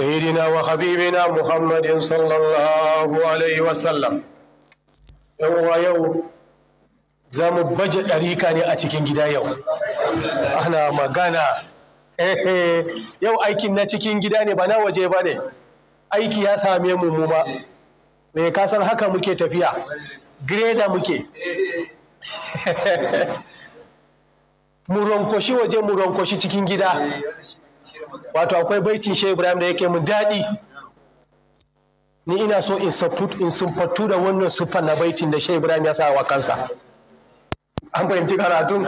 سيدنا وحبيبنا محمد صلى الله عليه وسلم yawwa yau za mu baje ɗarika ne a cikin gida yau ana magana yau aikin na cikin gida ne ba na waje ba ne aiki ya same mu mu ma me ka san haka muke tafiya greda muke mu ronkoshi waje mu ronkoshi cikin gida wato akwai baitin shehu ibrahim da yake mun daɗi ni ina so in in sumfatu da wannan siffar na baitin da shehu ibrahim ya sa wa kansa an fahimci karatun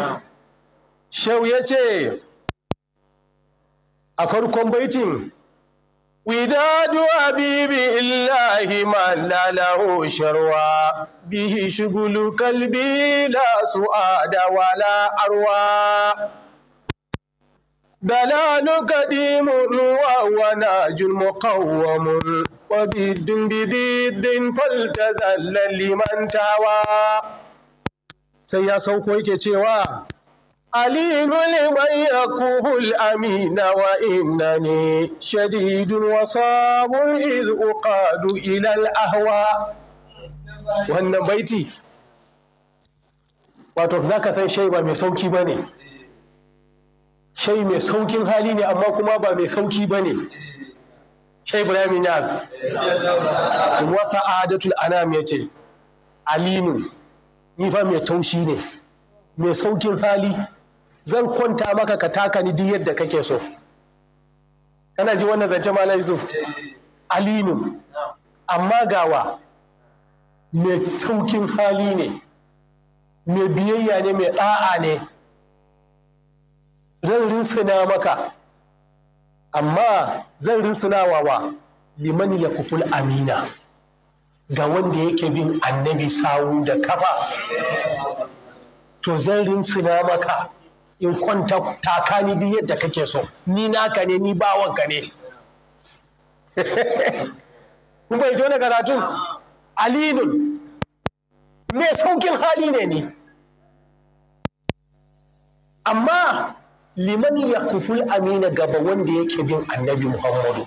shehu ya ce a farkon baitin وداد حبيب الله ما la له شروى به شغل قلبي لا سؤاد ولا بلال قديم وأنا جل مقوم وبيد بديد فالتزل لمن تاوى سيا سوكو yake cewa عليم لمن يكوب الأمين وإنني شديد وصاب إذ أقاد إلى الأهواء wannan بيتي واتوك za سيشيبا san shai ba shai mai saukin hali ne amma kuma ba mai sauki ba ne shai ibrahim yaz wasa adatul anam ya ce Alinu. ni fa mai taushi ne mai saukin hali zan kwanta maka ka taka ni duk yadda kake so kana ji wannan zance malam yusuf Alinu. amma gawa mai saukin hali ne mai biyayya ne mai ɗa'a ne zan rinsuna maka amma zan rinsunawa wa liman ya kuful amina ga wanda yake bin annabi sawu da kafa to zan rinsuna maka in kwanta takani duk yadda kake so ni naka ne ni bawanka ne kun fahimci wani karatun alinun mai saukin hali ne ni amma liman ya kuful amina gaba wanda yake bin annabi muhammadu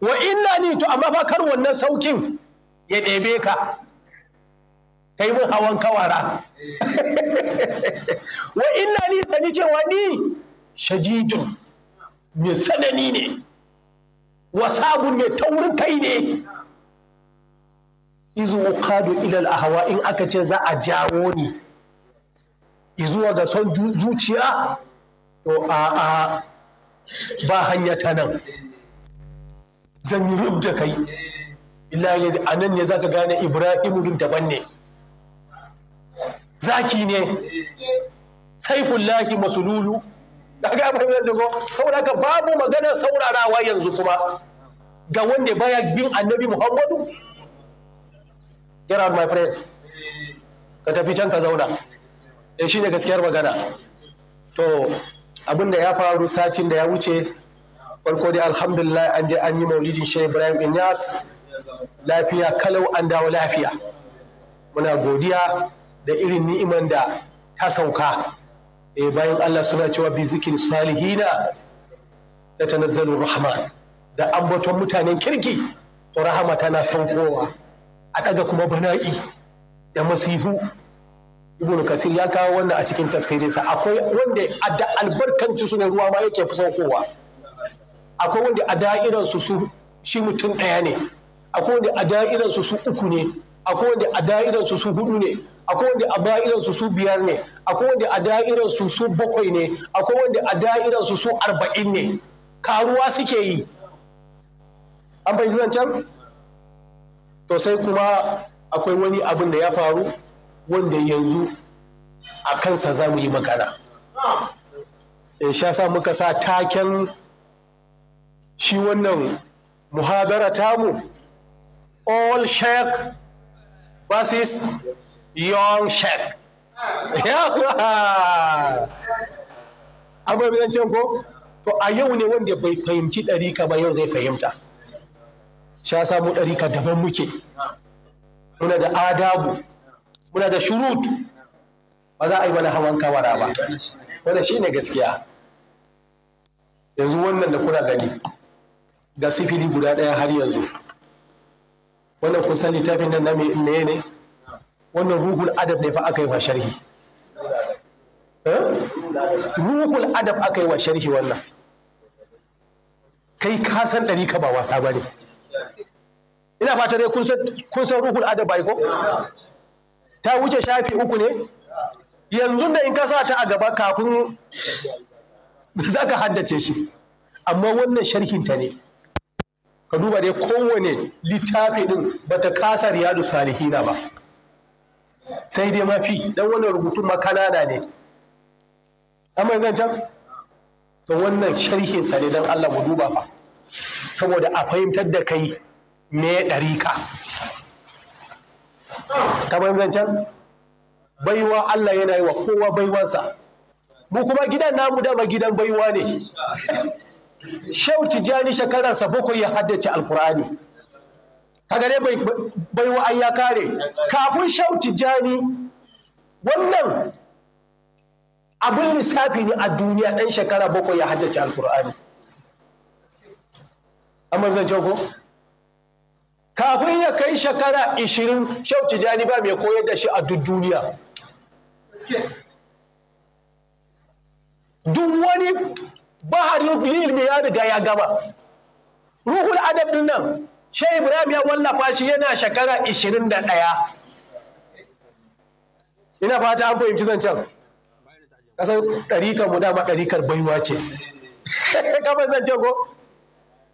wa inna ni to amma fa kar wannan saukin ya ɗebe ka kai mun hawan kawara wa inna ni sani cewa ni shajidun mai tsanani ne wasabun mai taurin kai ne izu uqadu ila al ahwa in aka ce za a jawo ni zuwa ga son zuciya to a a ba hanya ta nan zan yi rub da kai illahi a nan ne zaka gane ibrahimu din daban ne zaki ne saifullahi masululu da ga ba da ko saboda haka babu magana saurarawa yanzu kuma ga wanda baya bin annabi muhammadu get out my friend ka tafi can ka zauna Eh, shi ne gaskiyar magana to abin da ya faru satin da ya wuce farko dai alhamdulillah an je an yi maulidin shehu ibrahim inyas lafiya kalau an dawo lafiya muna godiya da irin ni'iman da ta sauka eh bayan allah suna cewa bi zikin salihina da tanazzalu rahman da ambaton mutanen kirki to rahama tana saukowa a daga kuma bana'i da masihu ibnu kasir ya kawo wannan a cikin tafsirinsa akwai wanda da albarkanci su ne ruwa ma yake fi saukowa akwai wanda a da'iran su su shi mutum ɗaya ne akwai wanda a da'iran su su uku ne akwai wanda a da'iran su su hudu ne akwai wanda a da'iran su su biyar ne akwai wanda a da'iran su su bakwai ne akwai wanda a da'iran su su arba'in ne karuwa suke yi an fahimci zancen to sai kuma akwai wani abin da ya faru wanda yanzu a kansa za mu yi magana in eh, sha sa muka sa taken shi wannan muhadara tamu all sheikh versus young sheikh yawa abin can ko to a yau ne wanda bai fahimci ɗarika ba yau zai fahimta sha samu ɗarika daban muke muna da adabu muna da shurut ba za a yi wani hawan kawara ba shi ne gaskiya yanzu wannan da kuna gani ga sifili guda ɗaya har yanzu wannan kun san littafin nan na me ne wannan ruhul adab ne fa aka yi wa sharhi eh? ruhul adab aka yi wa sharhi wannan kai ka san ɗari ka ba wasa ba ne ina fata dai kun san ruhul adab ba ko ta wuce shafi uku ne yanzu da in ka sa ta a gaba kafin za ka haddace shi amma wannan sharhinta ne ka duba dai kowane littafi din ba bata kasa riyadu salihina ba sai dai mafi dan wannan rubutun ma kanana ne amma yanzu can to wannan sharhin sa ne dan Allah mu duba fa saboda a fahimtar da kai me ɗariƙa kamar zancen baiwa Allah yana yi wa kowa baiwansa mu kuma gidan namu dama gidan baiwa ne Shauti Jani shekaransa bakwai ya haddace alkur'ani ka gane baiwa an ya kare kafin Shauti Jani wannan abin lissafi ne a duniya ɗan shekara bakwai ya haddace alkur'ani amma zancen ko kafin ya kai shekara ishirin shau tijjani ba mai koyar da shi a duk duniya duk wani bahar ilmi ya riga ya gama ruhul adab din nan shai ibrahim ya wallafa shi yana shekara ishirin da ɗaya ina fata an fahimci zancen kasar ɗarikar mu dama ɗarikar baiwa ce kamar zancen ko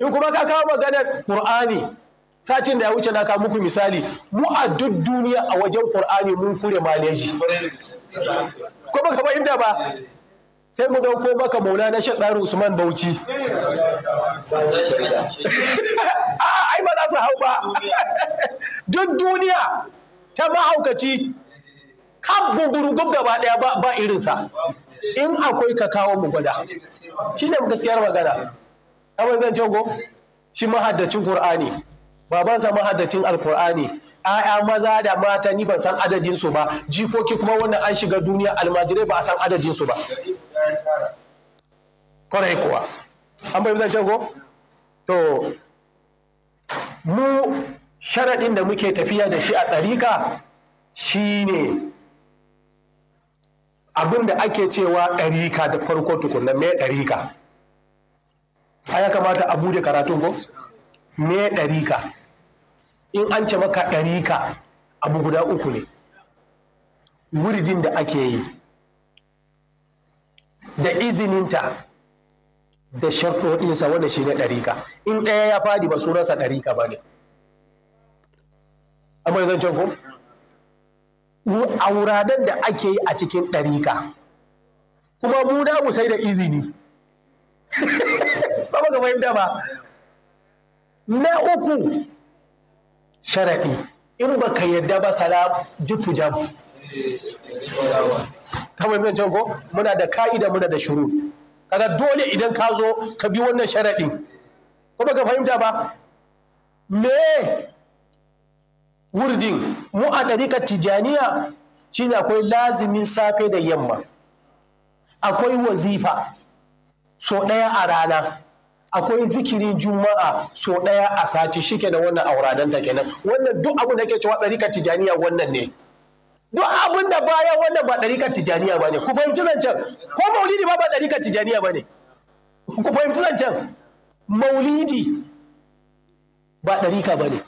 in kuma ka kawo maganar ƙur'ani satin da ya wuce na ka muku misali mu a duk duniya a wajen qur'ani mun kure maleji ko baka inda ba sai mu dauko maka maulana tsarin usman bauchi ai ba za su hau ba duk duniya ta mahaukaci kan gugurugub gaba ɗaya ba irinsa in akwai ka kawo mu gwada shi ne gaskiyar magana abin zan ce go shi mahaddacin qur'ani Baban sa mahaddacin alkur'ani ‘ya'ya maza da mata ni ban san adadinsu ba jikoki kuma wannan an shiga duniya almajirai ba a san adadinsu ba kwarai kuwa an bai zance ko to mu sharaɗin da muke tafiya da shi a ɗarika shine abin da ake cewa ɗarika da farko tukunna mai ɗarika a ya kamata abu da karatun ko me ɗarika in an ce maka ɗarika abu guda uku ne wuridin da ake yi da izininta da sharɗoɗinsa wanda shi ne ɗarika in ɗaya ya faɗi ba sunansa ɗarika ba ne amma zan can ku auradan da ake yi a cikin ɗarika kuma mu da mu sai da izini ba ba ga fahimta ba na uku sharaɗi in ba ka yadda ba sala juttu jam kamar zan can muna da ka'ida muna da shuru kaga dole idan ka zo ka bi wannan sharaɗin ko ba ka fahimta ba me wurdin mu a ɗarikar tijaniya shine akwai lazimin safe da yamma akwai wazifa so ɗaya a rana akwai zikirin juma'a so ɗaya a sati shike da wannan auradanta kenan wannan duk abin da ke cewa ɗarika tijaniya wannan ne duk abin da bayan wannan ba ɗarika tijaniya ba ne ku fahimci zancen ko maulidi ba ba ɗarika tijaniya ba ne ku fahimci zancen maulidi ba ɗarika ba ne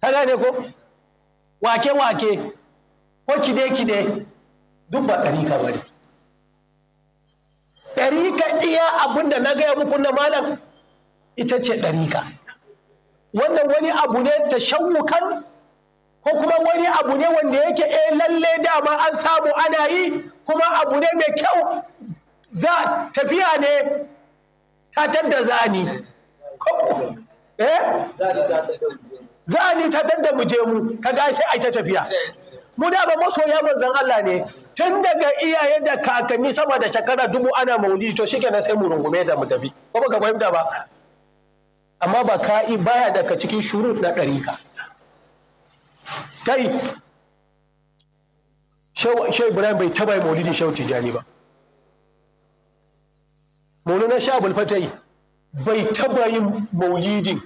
ka gane ko wake-wake ko kide-kide duk ba ɗarika ba ne ɗariƙa iya abin da na gaya muku na malam ita ce ɗariƙa wannan wani abu ne ta shawukan ko kuma wani abu ne wanda yake e lalle dama an samu ana yi kuma abu ne mai kyau za tafiya ne ta da zani eh? zani ta tadda mu je mu kaga sai a ta tafiya mu da ba masoya manzon Allah ne tun daga iyaye da kakanni sama da shekara dubu ana maulidi to na sai mu rungume da mu tafi ko baka fahimta ba amma ba ka'i baya daga cikin shurut na ɗarika kai shai ibrahim bai taba yi maulidi shau tijani ba maulana sha yi bai taba yin maulidin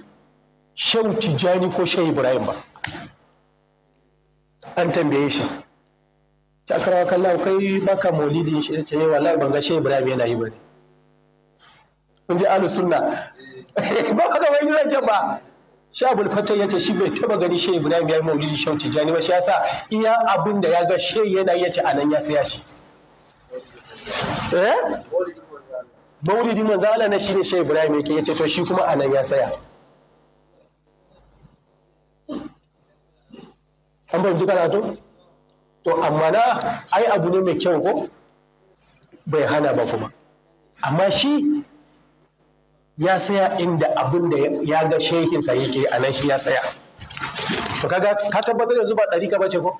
shau tijani ko shai ibrahim ba an tambaye shi akarawa kallon kai baka maulidi shi ce ne wallahi ban ga shi ibrahim yana yi ba ne kun ji ahlus sunna ba haka wani zai ce ba shi abul fatai ya ce shi bai taba gani shi ibrahim ya yi maulidi shehu tijjani ba shi yasa iya abin da ya ga shi yana ya ce anan ya saya shi eh maulidi manzo Allah na ne shi ibrahim yake ya ce to shi kuma anan ya saya an bai ji karatu to amma na ai abu ne mai kyau ko bai hana ba kuma amma shi ya saya inda abin da ya ga shehinsa yake a nan shi ya saya to kaga ka tabbatar yanzu ba ɗarika ba ce ko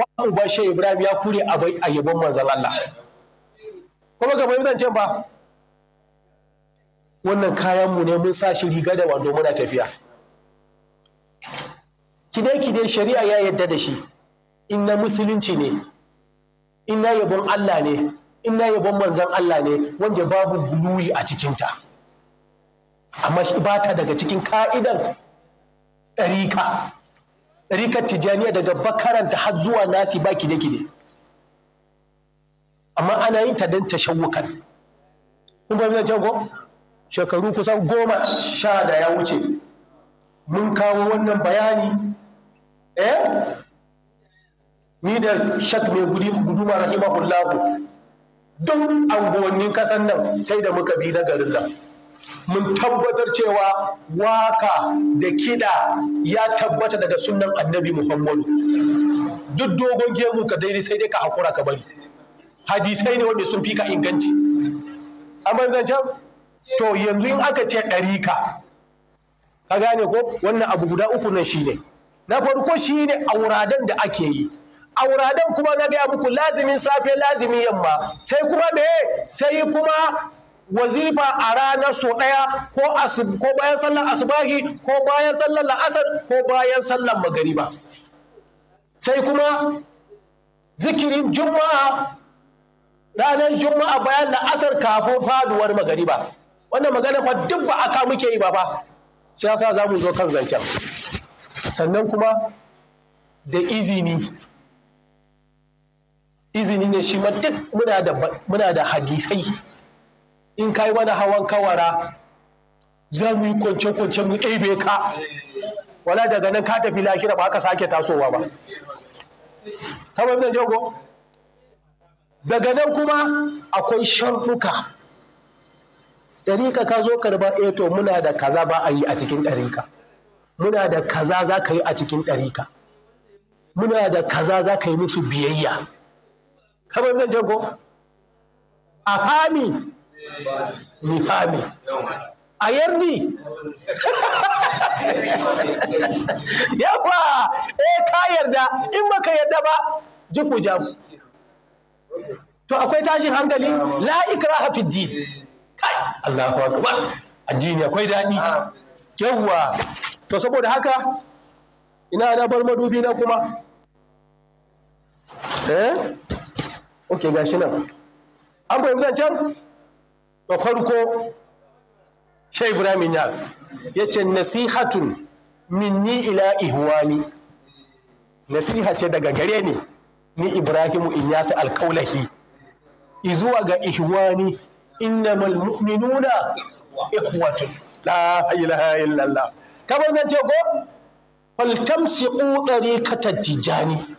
mu uba shi ibrahim ya kure abai a yabon manzan allah kuma ga fahimtar zance ba wannan kayan mu ne mun sa shi riga da wando muna tafiya kide kide shari'a ya yadda da shi in musulunci ne in na yabon Allah ne in na yabon manzan Allah ne wanda babu guluwi a cikinta amma shi ba ta daga cikin ka'idan ɗarika ɗarikar tijaniya daga bakaranta har zuwa nasi ba kide-kide amma ana yin ta don tashawukan kun fahimtar jago shekaru kusan goma sha da ya wuce mun kawo wannan bayani eh ni da shak mai guduma rahimahullahu duk anguwannin kasan nan sai da muka bi na garin nan mun tabbatar cewa waka da kiɗa ya tabbata daga sunan annabi muhammadu duk dogon gemu ka daidai sai dai ka hakura ka bari hadisai ne wanda sun fi ka inganci amma zancen to yanzu in aka ce ɗarika ka gane ko wannan abu guda uku nan shine na farko shine auradan da ake yi a wuraren kuma na gaya muku lazimin safe lazimin yamma sai kuma me sai kuma wazifa a ranar so ɗaya ko bayan sallar asubahi ko bayan sallar la'asar ko bayan sallar magariba sai kuma zikirin juma'a ranar juma'a bayan la'asar kafin faduwar magariba wannan magana fa duk ba aka muke yi ba fa sai yasa za mu zo kan zancen sannan kuma da izini izini ne shi ma duk muna da hadisai in kai mana hawan kawara za mu yi kwance-kwance mu ɗebe ka wala daga nan ka tafi lahira ba ka sake tasowa ba ta zan jago daga nan kuma akwai sharuka ɗarika ka zo karba eto eh muna da kaza ba a yi a cikin ɗarika muna da kaza za ka yi a cikin ɗarika muna da kaza za ka yi musu biyayya kamar zan jago a fami ni fami a yardi yawa eh ka yarda in baka yarda ba jufu to akwai tashin hankali la ikraha fid din kai Allahu akbar addini akwai daɗi Yawa to saboda haka ina na bar madubi na kuma eh ok gashi nan an zan can? da farko shai ibrahim yas ya ce nasihatun minni ila ihwani nasiha ce daga gare ni ni Ibrahim inyas alkaulahi izuwa ga ihwani innamal mu'minuna tun. la ilaha illallah kamar zan ce ko fal tamsiqu katar tijani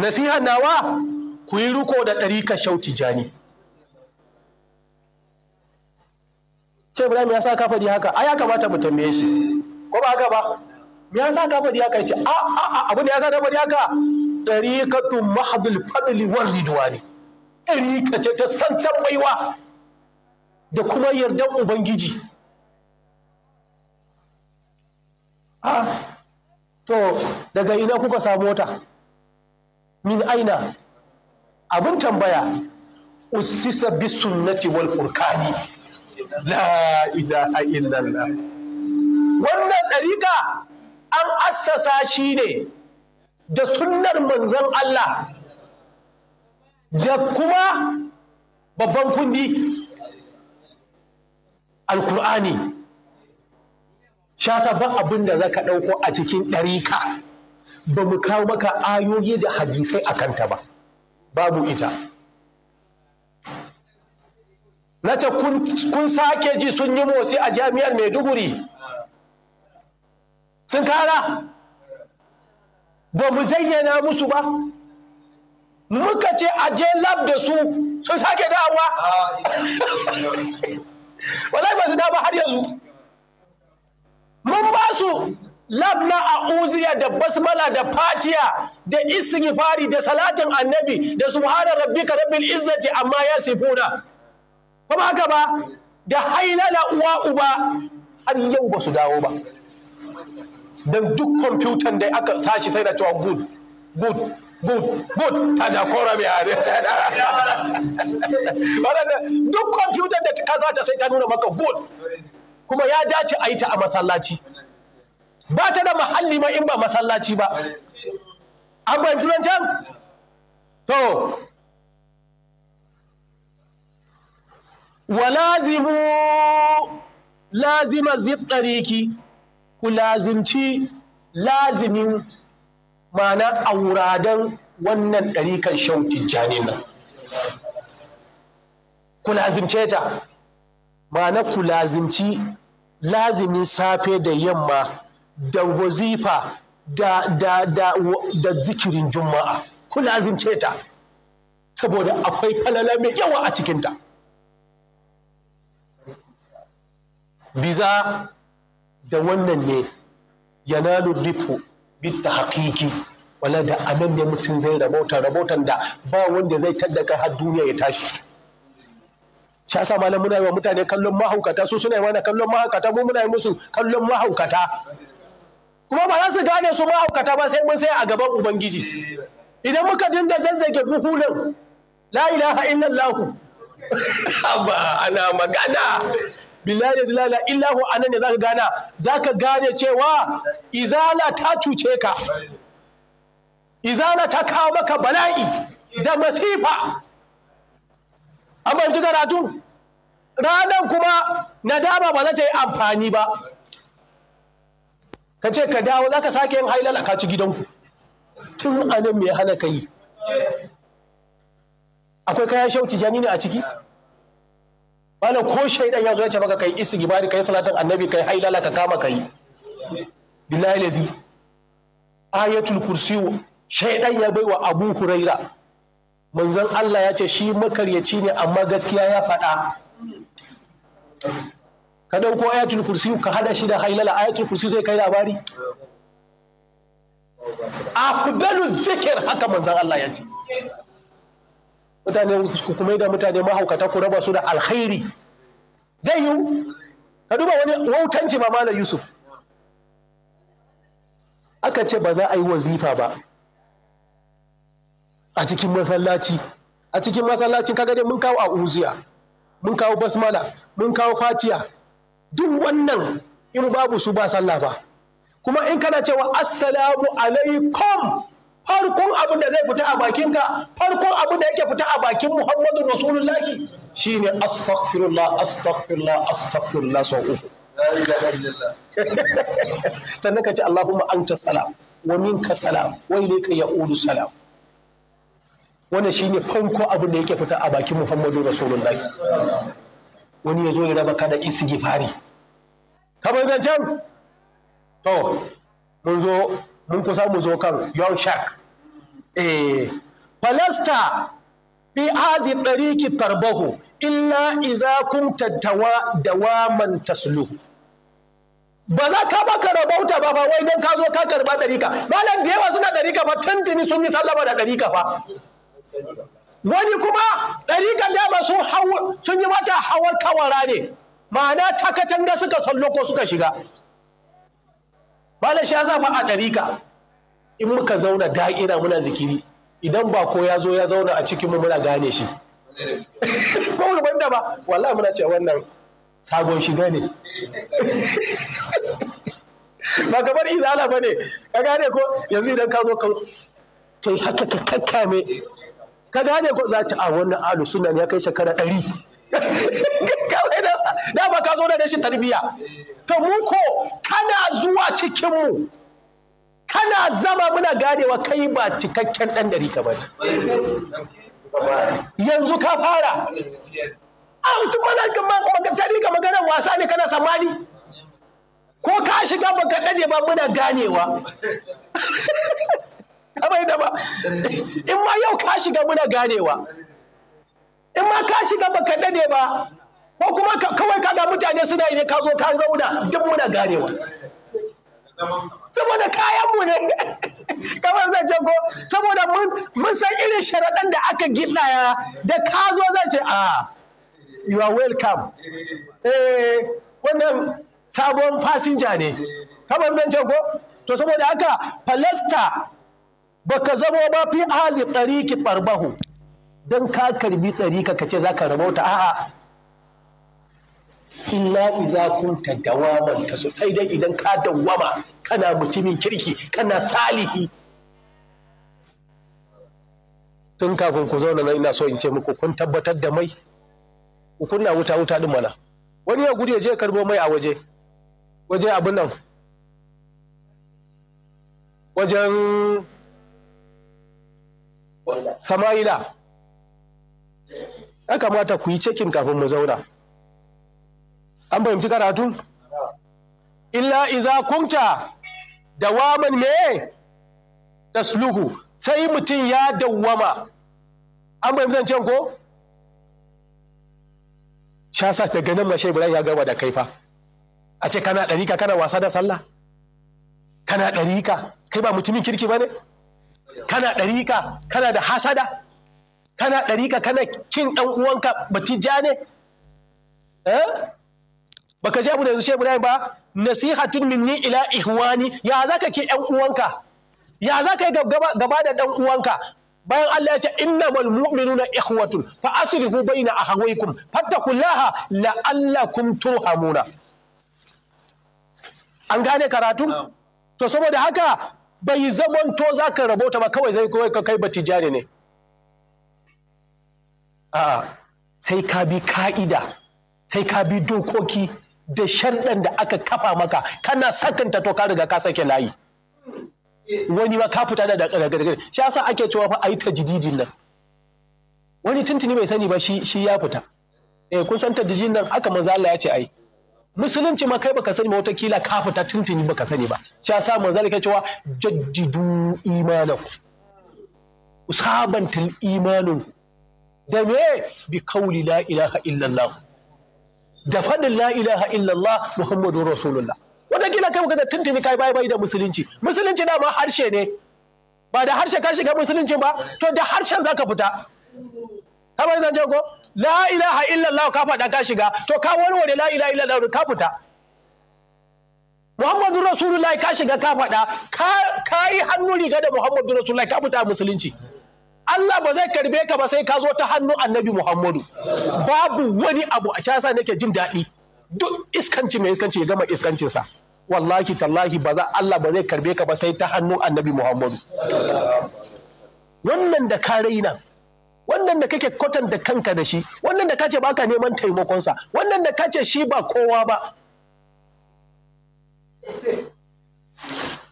nasiha nawa ku yi riko da ɗari ka shauti jani ce ibrahim ya sa kafa haka a ya kamata mu tambaye shi ko ba haka ba me ya sa ka haka ya ce a a a abin da ya sa na faɗi haka ɗarikatu mahdul fadli war Ɗari ka ce ta sansan baiwa da kuma yardar ubangiji a ah, to daga ina kuka samu wata min aina abin tambaya usisa bi sunnati wal furqani la ilaha illallah wannan ɗariƙa an assasa shi ne da sunnar manzon Allah da kuma babban kundi alkur'ani shasa ba abin da zaka ɗauko a cikin ɗarika ba mu kawo maka ayoyi da hadisai a kanta ba babu ita na ce kun sake ji sun yi motsi a jami'ar maiduguri sun kara ba mu zayyana musu ba muka ce aje lab da su sun sake dawa wallahi ba su dawa har yanzu mun ba su labna a uziya da basmala da fatiya da istighfari da salatin annabi da subhana rabbika rabbil izzati amma ya sifuna ba haka ba da hailala uwa uba har yau ba su dawo ba don duk kwamfutan da aka sashi sai da cewa good good good good ta da kora mai hare duk kwamfutan da ka sata sai ta nuna maka good kuma ya dace a yi ta a masallaci ba ta da mahalli ma in ba masallaci ba an fahimci zancen to lazimu lazima zittariki ku lazimci lazimin ma'ana auradan wannan ɗarikan shan tijjani nan ku lazimce ta ma'ana ku lazimci lazimin safe da yamma da wazifa da, da, da, zikirin juma'a ku lazimce ta saboda akwai falala mai yawa a cikinta biza da wannan ne yanalu rufu bitta haƙiƙi wala da anan ne mutum zai rabauta rabautan da ba wanda zai taddaka har duniya ya tashi sha sa malamuna yi wa mutane kallon mahaukata su suna yi mana kallon mahaukata mu muna yi musu kallon mahaukata kuma ba za su gane su ma'aukata ba sai mun sai a gaban ubangiji idan muka dinga zazzage buhunan la ilaha illallah ba ana magana billahi la illahu anan ne zaka gana zaka gane cewa izala ta cuce ka izala ta kawo maka bala'i da masifa amma ji karatu ranan kuma nadama ba za ta yi amfani ba ka ce ka dawo za ka sake yin hailal a kaci gidanku tun anan mai hana ka yi akwai kayan shauci jani ne a ciki malam ko shaidan ya zo ya ce maka kai isi gibari kai salatin annabi kai hailala ka kama kai billahi lazi ayatul kursiyu shaidan ya baiwa abu huraira manzon Allah ya ce shi makaryaci ne amma gaskiya ya faɗa ka ɗauko ayatul kursi ka hada shi da hailala ayatul kursi zai kai labari afdalu zikir haka manzan Allah ya ce mutane ku kuma da mutane mahaukata ku raba su da alkhairi zai yi ka duba wani wautanci ma malam Yusuf aka ce ba za a yi wazifa ba a cikin masallaci a cikin masallacin kaga dai mun kawo a uziya mun kawo basmala mun kawo fatiya duk wannan in babu su ba sallah ba kuma in kana cewa assalamu alaikum farkon abin da zai fita a bakinka farkon abin da yake fita a bakin muhammadu rasulullahi shine astaghfirullah astaghfirullah astaghfirullah sau uku sannan ka ce allahumma anta salam wa minka salam wa ilayka ya'udu salam wannan shine farko abin da yake fita a bakin muhammadu rasulullahi wani ya zo ya raba ka da istighfari kamar zancen to mun zo mun kusa mu zo kan yon shak eh falasta bi hazi dariki tarbahu illa iza kunta dawa dawaman taslu ba za ka baka rabauta ba ba wai don ka zo ka karba ɗarika malam da yawa suna ɗarika ba tantini sun yi sallama da ka fa wani kuma ɗari ɗariƙar dama sun sun yi mata hawar kawara ne ma'ana ta katanga suka ko suka shiga malam shi ya ba a ka. in muka zauna da'ira muna zikiri idan ba ko ya zo ya zauna a cikinmu muna gane shi ko gaban da ba wallahi muna ce wannan sabon shiga ne ba kamar izala ba ne ka gane ko yanzu idan ka zo kai haka ka kakkame ka gane ko za ci a ah, wannan alu sunan ya kai shekara ɗari da ba ka zo da rashin tarbiyya to mu ko kana zuwa cikin mu kana zama muna ganewa kai ba cikakken ɗan ɗari ka bane yanzu ka fara a mutum mana tari ga maganar wasa ne kana samani ko ka shiga baka ɗade ba muna ganewa kamar da ba in ma yau ka shiga muna ganewa in ma ka shiga baka dade ba ko kuma kawai ka ga mutane suna yi ne ka zo ka zauna duk muna ganewa saboda kayanmu ne kamar zai ce ko saboda mun san irin sharaɗan da aka gidaya da ka zo zai ce a ah, you are welcome eh wannan sabon fasinja ne kamar zan ce ko to saboda haka falasta baka zamo ba fi azi ki ɓarbahu don ka karbi ɗarika ka ce za ka ta a'a illa iza kunta dawaman ta sai dai idan ka dawama kana mutumin kirki kana salihi tun kafin ku zauna nan ina so in ce muku kun tabbatar da mai ku kunna wuta wuta din mana wani ya gudu ya je karbo mai a waje waje abin nan wajen sama'ila ya kamata ku yi cikin kafin mu zauna an fahimci karatu illa iza kunta dawaman me tasluhu sai mutum ya dawwama an fahimci zancen ko sha sa daga nan mashe ibrahim ya gaba da kaifa a ce kana ɗarika kana wasa da sallah kana ɗarika kai ba mutumin kirki ba ne kana ɗarika kana da hasada kana ɗarika kana kin ɗan uwanka ba ja ne eh? baka ji abu da yanzu shehu ibrahim ba nasihatun minni ila ihwani ya zaka ki ɗan uwanka ya zaka yi gaba da ɗan uwanka bayan Allah ya ce mal mu'minuna ikhwatun fa aslihu baina akhawaykum fattaqullaha la'allakum turhamuna an gane karatu to saboda haka bai zamanto za ka rabota ba kawai zai kawai ka kai batijani ne a sai ka bi ka'ida sai ka bi dokoki da sharɗan da aka kafa maka kana sakanta to ka riga ka sake layi wani ba ka fita da daga shi yasa ake cewa fa a yi ta tajdidin nan wani tuntuni bai sani ba shi ya fita eh kun san nan aka manzala ya ce ai musulunci ma kai baka sani ma watakila ka fita tuntuni baka sani ba shi yasa manzo yake cewa jaddidu imanaku usabantul imanin da me bi kauli la ilaha illallah da faɗin la ilaha illallah muhammadu rasulullah watakila kai baka tuntuni kai bai bai da musulunci musulunci da ma harshe ne ba da harshe ka shiga musulunci ba to da harshen zaka fita kamar zan ko? la ilaha illallah ka faɗa ka shiga to ka warware la ilaha illallah ka fita Muhammadu Rasulullahi ka shiga ka faɗa ka yi hannu riga da Muhammadu Rasulullahi ka fita musulunci Allah ba zai karbe ka ba sai ka zo ta hannu Annabi Muhammadu babu wani abu a shasa nake jin daɗi duk iskanci mai iskanci ya gama iskancinsa wallahi tallahi ba za Allah ba zai karbe ka ba sai ta hannu Annabi Muhammadu wannan da ka raina wannan da kake kwatanta kanka da shi wannan da kace baka neman taimakonsa wannan da kace shi ba kowa ba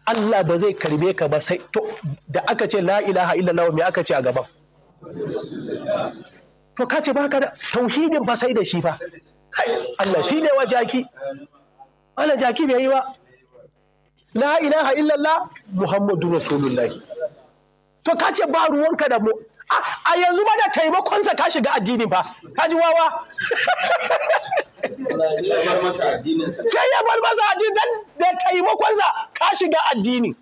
Allah ba zai karbe ka ba sai to da aka ce la ilaha illallah me aka ce a gaban to kace baka da tauhidin ba sai da shi fa Allah shi ne wajaki jaki Allah jaki bai yi ba la ilaha illallah muhammadu rasulullahi to kace ba ruwanka da mu a yanzu ba da taimakonsa ka shiga addini ba ka ji wawa sai ya bar masa addini dan da taimakonsa ka shiga addini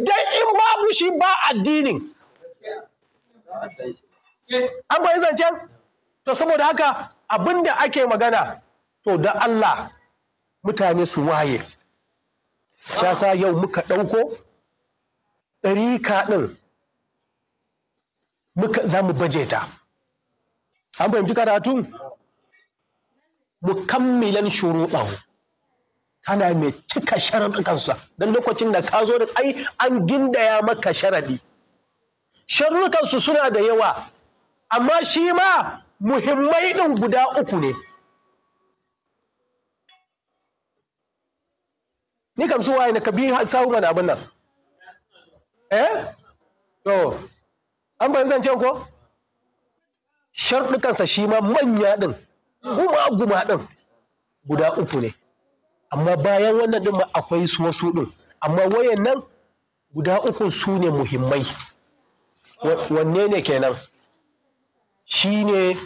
dan in babu shi ba addini an bayi zancen to saboda haka abinda ake magana to da Allah mutane su waye shasa yau muka ɗauko ɗarika ɗin za mu baje ta an fahimci karatu mukammilan shuruɗahu kana mai cika sharaɗin kansa don lokacin da ka zo da ai an gindaya maka sharaɗi sharrukansu suna da yawa amma shi ma muhimmai ɗin guda uku ne ni kam su waye na ka biyu sahun abin nan eh to an zan ce ko sharɗukansa shi ma manya ɗin guma-guma ɗin guda uku ne amma bayan wannan ɗin ma akwai su wasu ɗin amma wayannan guda uku su ne muhimmai wanne ne kenan shi ne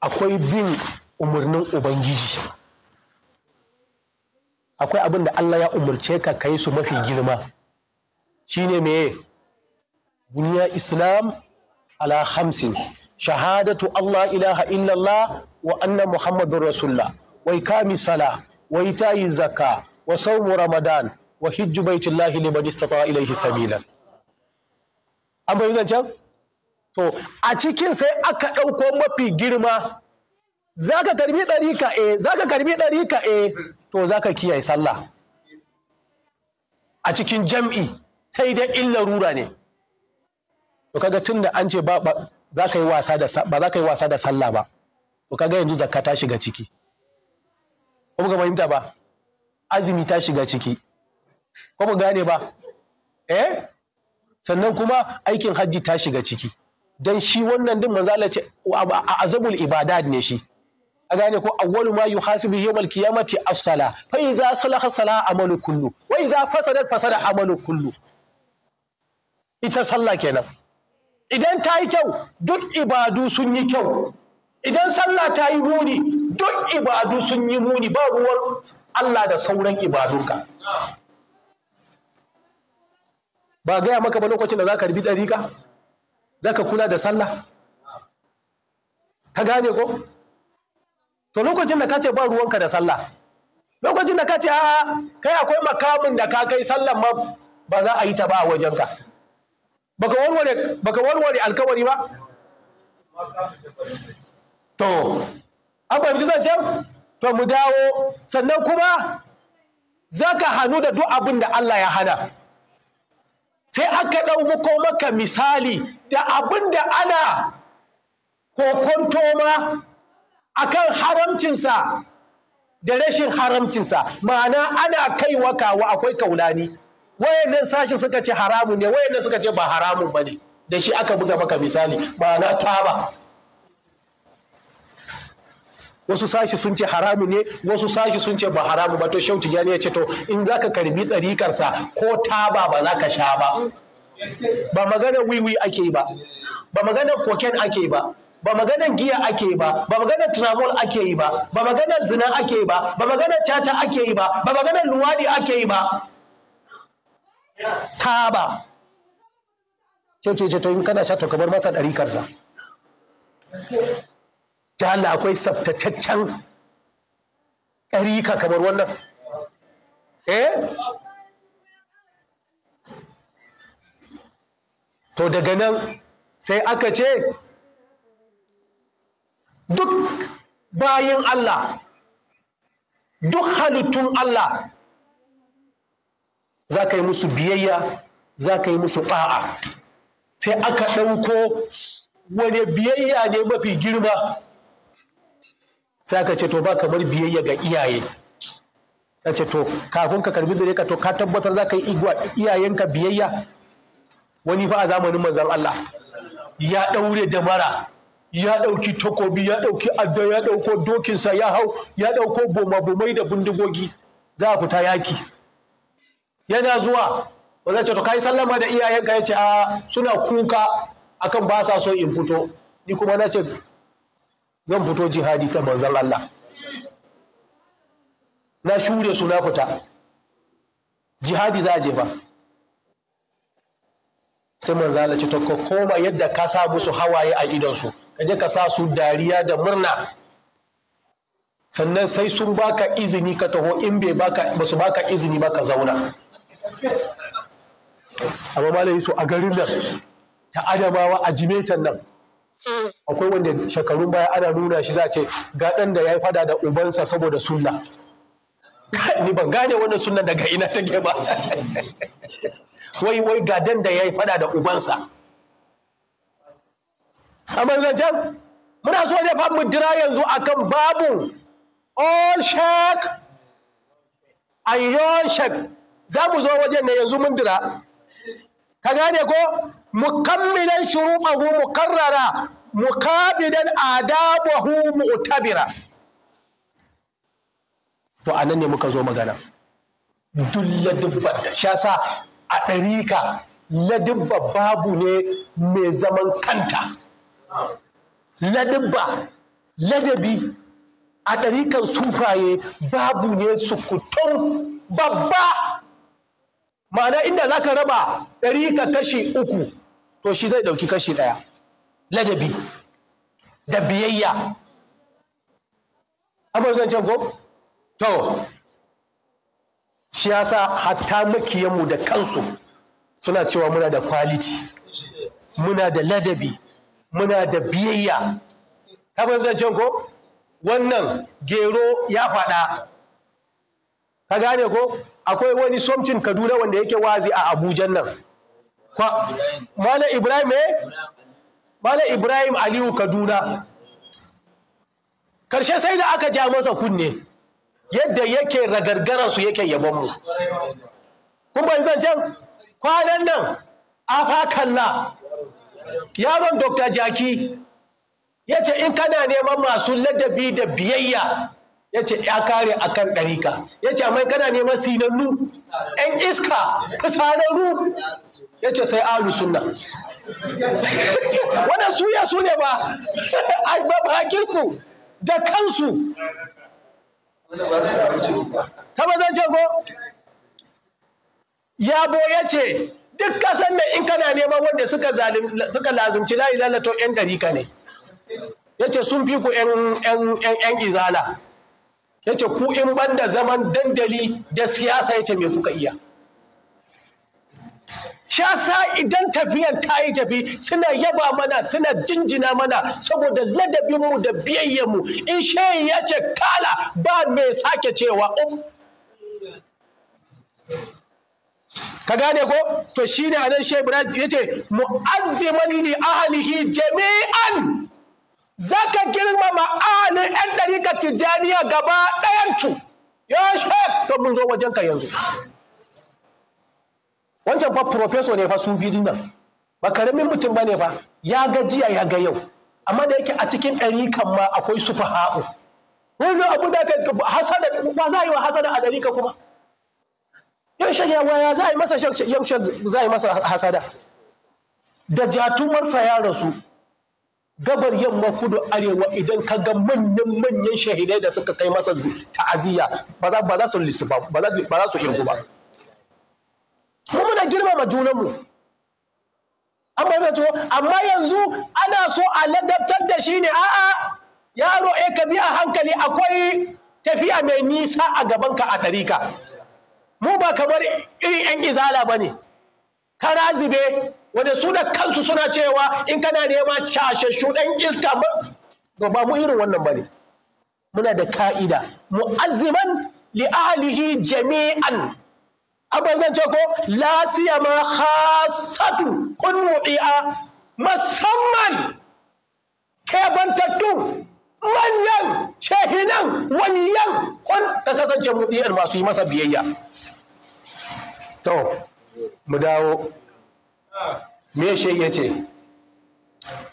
akwai bin umarnin ubangiji akwai abin da allah ya umarce ka kai su mafi girma shi ne meye dunya islam ala hamsin shahadatu allah ilaha illallah wa anna muhammadu rasulullah wai ikami sala ta yi zaka wa saumu ramadan wa hijju baitullahi liman istata ilayhi sabila an bai zancan to a cikin sai aka ɗauko mafi girma zaka karbi dari ka eh zaka karbi dari ka eh to zaka kiyaye sallah a cikin jam'i sai dai illa rura ne to kaga tun da an ce ba za ka yi wasa da ba za ka yi wasa da sallah ba to kaga yanzu zakka ta shiga ciki ko ga fahimta ba azumi ta shiga ciki ko ba gane ba eh sannan kuma aikin hajji ta shiga ciki dan shi wannan din manzo Allah ce azabul ibadat ne shi a gane ko awwalu ma yuhasibu yawmal qiyamati as-sala fa iza salaha salaha amalu kullu wa iza fasada fasada amalu kullu ita sallah kenan idan ta yi kyau duk ibadu sun yi kyau idan sallah ta yi muni duk ibadu sun yi muni ba ruwan Allah da sauran ibadunka ba gaya maka ba lokacin da za ka rubi za ka kula da sallah ka gane ko to lokacin da ka ce ba ruwanka da sallah lokacin da ka ce a kai akwai makamin da ka kai sallah ma ba za a yi ta ba a wajenka baka warware alkawari ba to an fahimci zancen to mu dawo sannan kuma zaka hannu da duk abin da Allah ya hana sai aka ɗauko maka misali da abin da ana kokonto ma akan haramcinsa da rashin haramcinsa ma'ana ana kaiwa kawo akwai kaulani wayannan sashi suka ce haramun ne wayannan suka ce ba haramun ba ne da shi aka buga maka misali na taba wasu sashi sun ce haramu ne wasu sashi sun ce ba haramu ba to shau gani ya ce to in za ka karbi ɗarikarsa ko taba ba za ka sha ba ba magana wiwi ake ba ba magana koken ake ba ba magana giya ake ba ba magana tramol ake yi ba ba magana zina ake ba ba magana caca ake yi ba ba magana luwadi ake yi ba taba kyau ce to in kana sha to kamar masa ɗarikarsa ta Allah akwai tsabtataccen ɗarika kamar wannan eh to daga nan sai aka ce duk bayan Allah duk halittun Allah za ka yi musu biyayya za ka yi musu ɗa'a sai aka ɗauko wane biyayya ne mafi girma sai aka ce to ba kamar biyayya ga iyaye sai ce to kafin ka karbi dare ka to ka tabbatar za ka yi igwa iyayenka biyayya wani fa a zamanin manzan Allah ya ɗaure da mara ya ɗauki takobi ya ɗauki adda ya ɗauko dokinsa ya hau ya ɗauko boma da bindigogi za a fita yaki yana zuwa wanda ce to kai sallama da iyayenka yace a suna kuka akan ba sa so in fito ni kuma na ce zan fito jihadi ta manzon Allah na shure su na fita jihadi za a je ba sai manzon Allah ce to ko koma yadda ka sa musu hawaye a idonsu ka je ka sa su dariya da murna sannan sai sun baka izini ka taho in bai baka basu baka izini ba ka zauna amma yi so a garin nan ta adamawa a jimetan nan mm. akwai wanda shekarun baya ana nuna shi za a ce gaɗan da ya yi fada da ubansa saboda sunna ni ban gane wannan sunnan daga ina take ba wai wai gaɗan da ya yi fada da ubansa a manzancan muna so ne fa mu dira yanzu akan babu all shek ayyon shek za mu zo wajen ne yanzu mun dira ka gane ko mukammilan shuruɓahu mukarrara mukabidan adabahu mu'tabira to anan ne muka zo magana duk dubban da sha a ɗarika ladubba babu ne mai zaman kanta ladubba ladabi a ɗarikan sufaye babu ne sukutun babba ma'ana inda za ka raba ɗari ka kashi uku to shi zai ɗauki kashi ɗaya ladabi da biyayya abin zan can ko to shi ya sa hatta makiyanmu da kansu suna cewa muna da kwaliti muna da ladabi muna da biyayya abin zan can ko wannan gero ya faɗa ka gane ko akwai wani somcin kaduna wanda yake wazi a abujan nan mala eh? ibrahim aliyu kaduna karshe sai da aka ja masa kunne yadda yake ragargara su yake yabon mu kun ban zancen kwanan nan afa yaron dr jaki ya ce in kana neman masu ladabi da biyayya ya ce ya kare a kan ɗarika ya ce amma kana neman sinannu ‘yan iska sanannu ya ce sai alu sunna wannan suya su ne ba a bakinsu da kansu ta mazan jago yabo ya ce duk kasan da in kana neman wanda suka lazimci layi lalato ‘yan ɗarika ne ya ce sun fi ku ‘yan izala’ yace ku in banda zaman dandali da siyasa yace me kuka iya shasa idan tafiyan ta yi tafi suna yaba mana suna jinjina mana saboda ladabinmu da biyayyenmu in shehi ya ce kala ba mai sake cewa um? ka gane ko to shine anan shehi yace ya ce mu'azziman li ahlihi jami'an Za ka girmama ahalin yan ɗarika tijjaniya gaba ɗayan ya shek to mun zo ka yanzu wancan fa profeso ne fa su biyu nan ba karamin mutum ba ne fa ya ga jiya ya ga yau amma da yake a cikin ɗarikan ma akwai su ha'u wani abu da ka hasada ba za a yi wa hasada a ɗarika kuma yan shan yawa za a yi masa za a yi masa hasada da jatumarsa ya rasu gabar yamma kudu arewa idan ka ga manyan manyan shahidai da suka kai masa ta'aziyya ba za su lissu ba ba za su irgu ba mu muna girmama junanmu an bar da amma yanzu ana so a ladabtar da shi ne a'a yaro eh ka bi a hankali akwai tafiya mai nisa a gabanka a tarika mu ba kamar irin 'yan izala bane ne kara zube wanda su da kansu suna cewa in kana nema cashashu dan iska ba ba mu irin wannan bane muna da ka'ida mu'azziman li ahlihi jami'an abin zan ce ko la siyama khasatu kun mu'i'a musamman kebantattu manyan shahinan waliyan kun ka kasance mu'i'ar masu yi masa biyayya to mu dawo me shi ya ce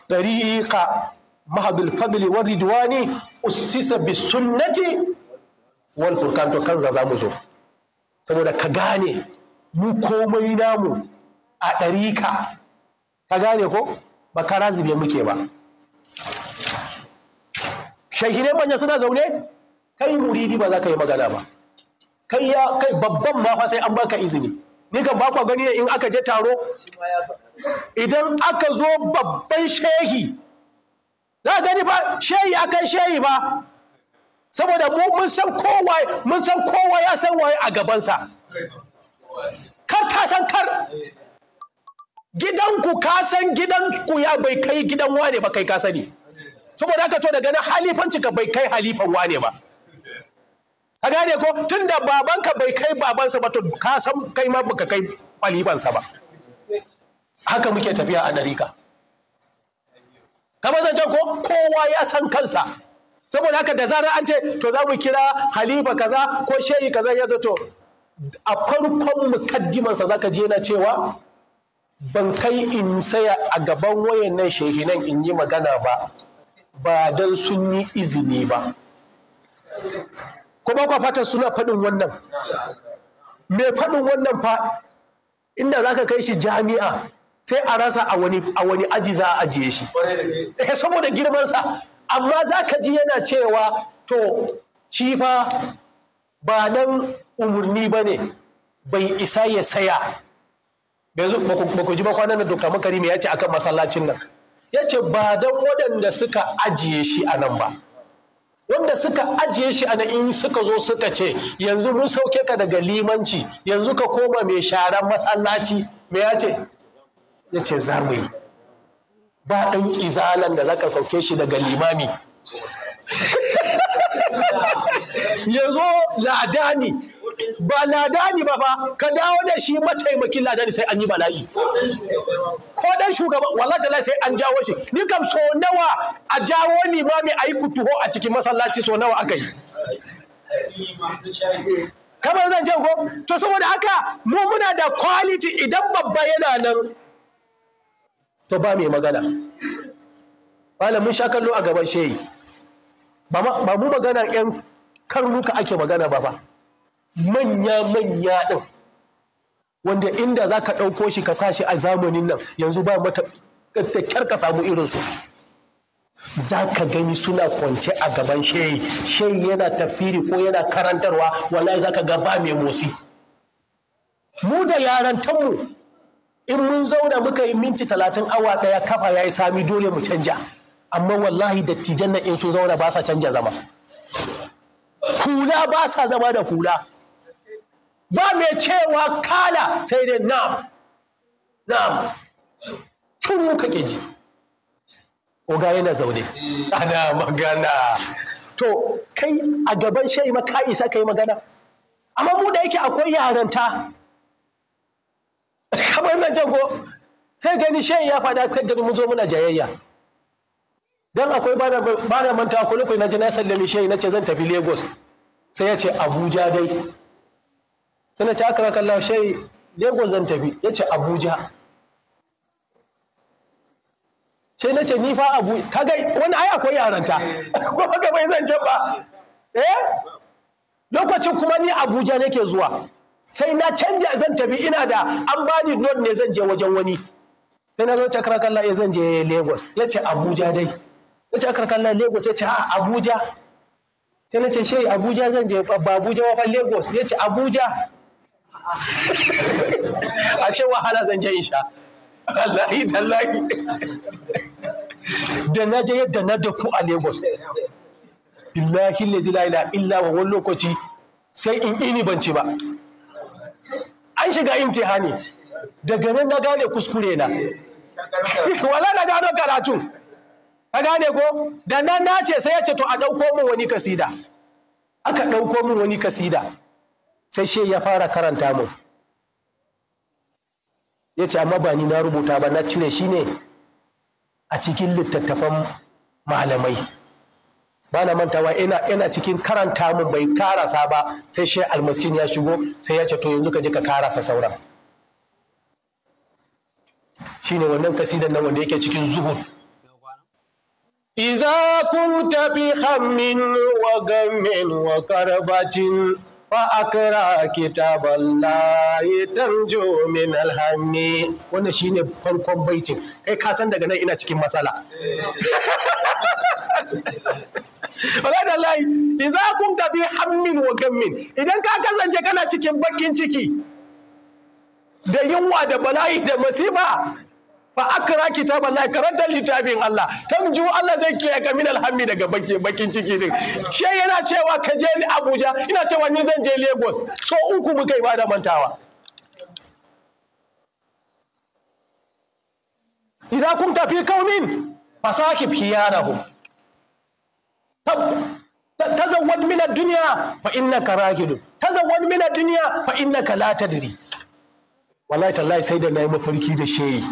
tariqa mahadul fadli wa ridwani ussisa bi sunnati wal furqan to kanza zamu zo saboda ka gane mu komai namu a tariqa ka gane ko ba ka razibe muke ba shahire manya suna zaune kai muridi ba za ka yi magana ba kai ya kai babban ma fa sai an baka izini ni kan ba kwa gani in aka je taro idan aka zo babban shehi za a gani ba shehi akan shehi ba saboda mu mun san kowa mun san kowa ya san waye a gabansa kar ta san kar gidanku ka san ku ya bai kai gidan wane ba kai ka sani saboda haka to daga nan halifanci ka bai kai halifan wane ba ka gane ko tunda babanka bai kai babansa ba to ka san kai ma baka kai kwalibansa ba haka muke tafiya a ɗarika kamar zan ko kowa ya san kansa saboda haka da zarar an ce to za mu kira haliba kaza ko shehi kaza ya zato a farkon mukaddimansa za ka je na cewa ban kai in saya a gaban wayan nan nan in yi magana ba ba don sun yi izini ba ko ba kwa fatan suna faɗin wannan me faɗin wannan fa inda za ka kai shi jami'a sai a rasa a wani aji za a ajiye shi eh, saboda girman sa. amma za ka ji yana cewa to shi fa ba nan umarni ba bai isa ya saya yanzu ba ku ji ba kwanan da dokta makarimi ya ce akan masallacin nan ya ce ba dan waɗanda suka ajiye shi a nan ba wanda suka ajiye shi a in suka zo suka ce yanzu mun sauke ka daga limanci yanzu ka koma mai sharan matsalaci. me ya ce ya ce za mu yi ba ɗan izalan da za ka sauke shi daga limami ya zo ladani ba ladani ba ba ka dawo da shi mataimakin ladani sai an yi bala'i ko dan shugaba wallahi tallahi sai an jawo shi ni kam so nawa a jawo ni ba mai ayi kutuho a cikin masallaci so nawa aka yi kamar zan je ko to saboda haka mu muna da quality idan babba yana nan to ba mai magana malamin sha kallo a gaban shehi ba mu magana yan karnuka ake magana ba fa manya manya ɗin wanda inda za ka ɗauko shi ka sa shi a zamanin nan yanzu ba mata da kyar ka samu irinsu za ka gani suna kwance a gaban shehi shehi yana tafsiri ko yana karantarwa wallahi za ka ga ba mai motsi mu da tanmu in mun zauna muka yi minti talatin awa ɗaya kafa ya yi sami dole mu canja amma wallahi dattijan nan in sun zauna ba sa canja zama hula ba sa zama da hula ba mai cewa kala sai dai na'am na'am shuru kake ji oga yana zaune ana magana to kai a gaban shayi ma ka isa kai magana amma mu da yake akwai yaranta kamar zancen ko sai gani shai ya fada sai gani mun zo muna jayayya dan akwai ba da manta ko nufai na ji na sallame shi na ce zan tafi Lagos sai ya ce Abuja dai sai na ce aka raka Allah Lagos zan tafi ya ce Abuja sai na ce ni fa abu kaga wani ai akwai yaranta ko kaga bai zan ba eh lokacin kuma ni Abuja nake zuwa sai na canja zan tafi ina da an bani not ne zan je wajen wani sai na zo ta kalla ya zan je Lagos ya ce Abuja dai wace aka kalla lagos ya ce a ah, abuja sai na ce shi abuja zan je ba abuja wa lagos ya ce abuja a ce wahala zan je in sha wallahi tallahi da na je yadda na da ku a lagos billahi la ilaha illa wa wani lokaci sai in ini ban ci ba an shiga imtihani daga nan na gane kuskure na wala na gano karatu ka gane ko da nan na ce sai ya ce to a ɗauko min wani kasida aka ɗauko min wani kasida sai she ya fara karanta mu ya ce amma ba ni na rubuta ba na cire shi ne a cikin littattafan malamai ba na mantawa yana cikin karanta mu bai karasa ba sai she almaskin ya shigo sai ya ce to yanzu ka je ka karasa sauran shine wannan kasidan nan wanda yake cikin zuhud إذا كنت بهم وغم وكربة فأقرأ كتاب الله تنجو من الهم wannan shine farkon baitin kai ka san daga nan ina cikin matsala wala da lai idza kunta bi hammin wa gammin idan ka kasance kana cikin bakin ciki da yunwa da bala'i da masifa fa akra kitaballahi karanta littafin Allah tamju Allah zai kiyaye ka min alhammi daga bakin ciki din she yana cewa ka je ni Abuja ina cewa ni zan je Lagos so uku muka yi ba da mantawa idza kunta fi qaumin fasakib khiyarahum tazawwad min ad-dunya fa innaka rahidu tazawwad min ad-dunya fa innaka la tadri wallahi tallahi sai da nayi mafarki da sheyi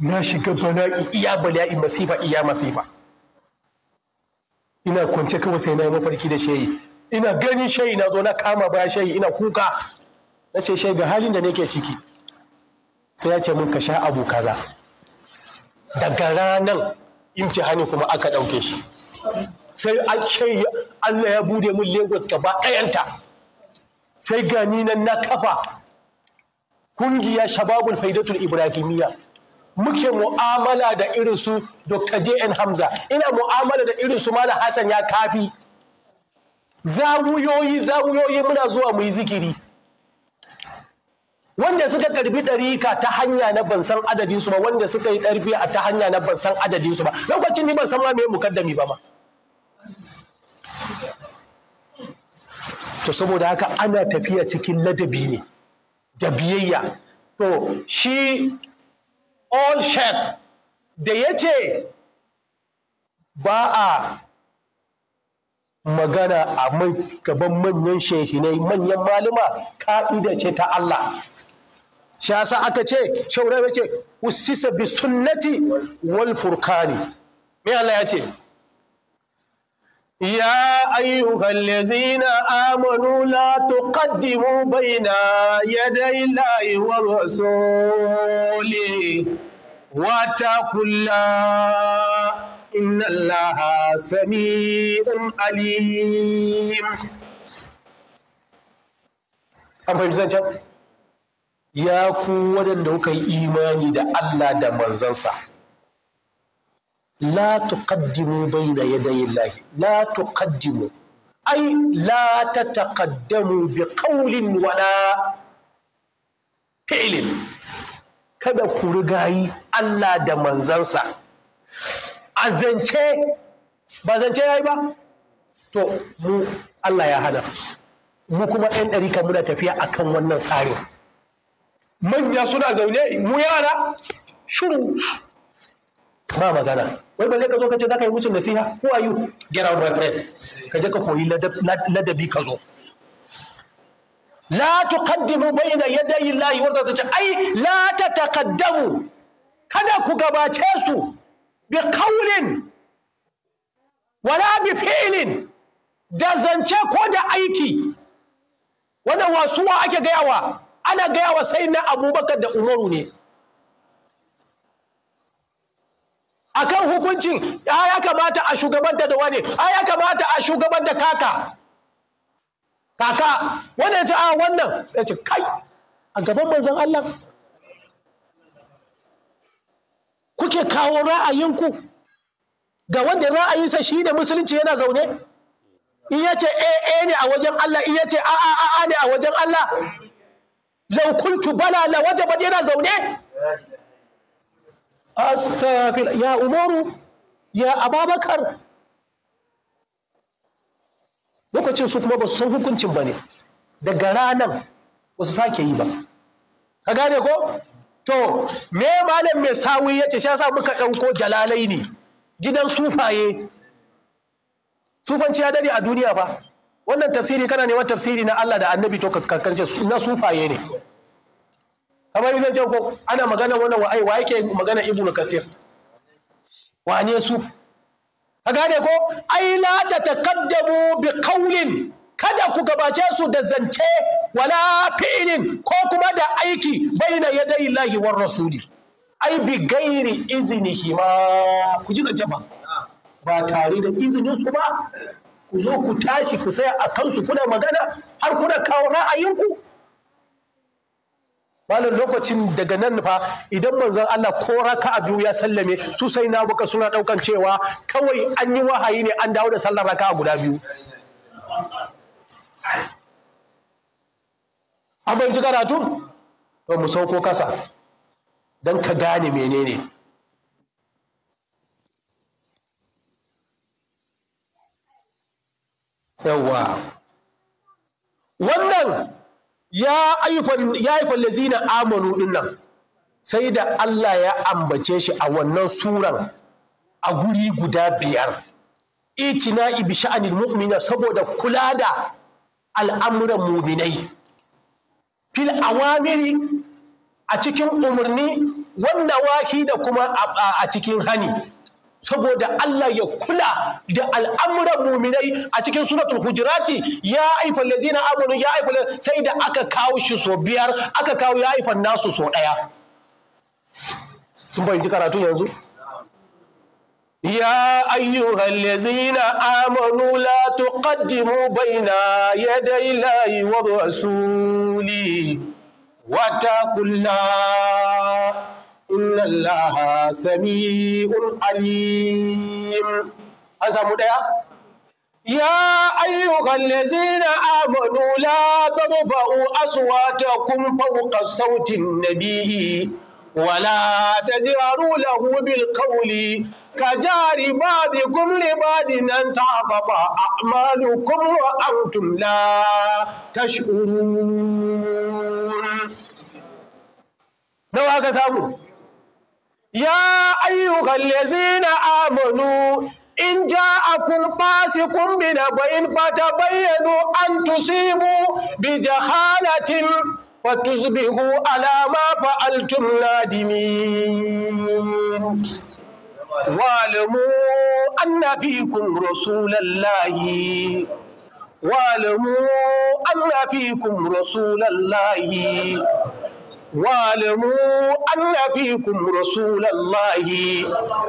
na shiga bala'i iya bala'i masifa iya masifa ina kwance kawai sai na yi mafarki da shayi ina ganin shayi na zo na kama baya shayi ina kuka na ce shayi ga halin da ke ciki sai ya ce mun ka sha abu kaza daga ranar imtihani kuma aka ɗauke shi sai an shayi Allah ya bude mun Lagos gaba ɗayanta sai gani nan na kafa kungiya shababul faidatul ibrahimiyya muke mu'amala da irin su Dr. J.N. Hamza ina mu'amala da irin su Malam Hassan ya kafi zawuyoyi zawuyoyi muna zuwa mu yi zikiri wanda suka karbi ɗarika ta hanya na ban san adadin su ba wanda suka yi ɗarbi a ta hanya na ban san adadin su ba lokacin ni ban san ma me mukaddami ba ma to saboda haka ana tafiya cikin ladabi ne da biyayya to shi all shep da ya ce ba a magana a gaban manyan shehinai manyan malama ka'ida ce ta Allah shasa aka ce shaura ya ce usisa bi sunnati wal furkani me Allah ya ce يا أيها الذين آمنوا لا تقدموا بين يدي الله ورسوله واتقوا الله إن الله سميع عليم an fahimci zancen ya ku waɗanda kuka yi imani da Allah da manzansa la tuqaddimu bayna yadayi llahi la tuqaddimu ai la tataqaddamu bi wala fi'lin kada ku rigayi Allah da manzansa a zance ba zance yayi ba to mu Allah ya hana mu kuma ɗan ɗari kan muna tafiya akan wannan tsarin manya suna zaune mu yara shuru ba magana wai balle ka zo ka ce za ka yi mutum nasiha who are you get out my friend ka je ka koyi ladabi ka zo la tuqaddimu bayna yadayi llahi wa ta ce ai la tataqaddamu kada ku gabace su bi qawlin wala bi fi'lin da zance ko da aiki wannan wasuwa ake gayawa ana gayawa sai na abubakar da umaru ne akan hukuncin ah, ya kamata a shugabanta da wani ah, ya kamata a shugabanta kaka kaka wanda ya ce a ah, wannan sai ce kai a gaban manzon Allah kuke kawo ra'ayinku ga wanda ra'ayinsa shi ne musulunci yana zaune in ya ce a eh, eh, ne a wajen Allah in ya ce a a a ne a wajen Allah lau kuntu bala la wajabat yana zaune astaghfir ya umaru ya ababakar lokacin su kuma ba su san hukuncin ba ne daga ranar ba su sake yi ba ka gane ko to me malam mai sawi ya ce shi muka ɗauko jalalai ne gidan sufaye sufanci ya dare a duniya fa wannan tafsiri kana neman tafsiri na Allah da annabi to kakkarce na sufaye ne kamar zan ce ko ana magana wannan wa wa yake magana ibnu kasir ne su ka gane ko ai la tataqaddamu bi qawlin kada ku gabace su da zance wala fi'lin ko kuma da aiki baina yadai lahi war rasuli ai bi gairi iznihi ma ku ji zance ba ba tare da izinin su ba ku zo ku tashi ku saya a kansu kuna magana har kuna kawo ra'ayinku malam lokacin daga nan fa idan manzon Allah ko raka a biyu ya sallame su sai na baka suna ɗaukan cewa kawai an yi wahayi ne an dawo da sallar raka guda biyu abin ji karatu to mu sauko kasa don ka gane menene yawwa wannan ya ayyufan lazina amanu dinnan sai da Allah ya ambace shi a wannan suran a guri guda biyar itina ibi sha'anin mu'mina saboda kula da al'amuran muminai fil awamiri a cikin umarni wannan waki da kuma a cikin hani saboda Allah ya kula da al'amuran muminai a cikin suratul hujirati ya aifa lazina amanu ya aifan sai da aka kawo shi so biyar aka kawo ya aifa nasu so ɗaya kun fahimci karatu yanzu Ya يا latu الذين آمنوا لا ya dai يدي wa rasuli wata الله inna allaha sami'un alim an samu daya يا أيها الذين آمنوا لا ترفعوا أصواتكم فوق صوت النبي ولا تجهروا له بالقول كجار بعضكم لبعض أن تهبط أعمالكم وأنتم لا تشعرون. نو هكذا ya ayyuhal ladzina amanu in ja'akum fasiqun binaba'in fatabayyanu an tusibu bi jahalatin fatusbihu ala ma fa'altum nadimin واعلموا أن فيكم رسول الله واعلموا أن فيكم واعلموا أن فيكم رسول الله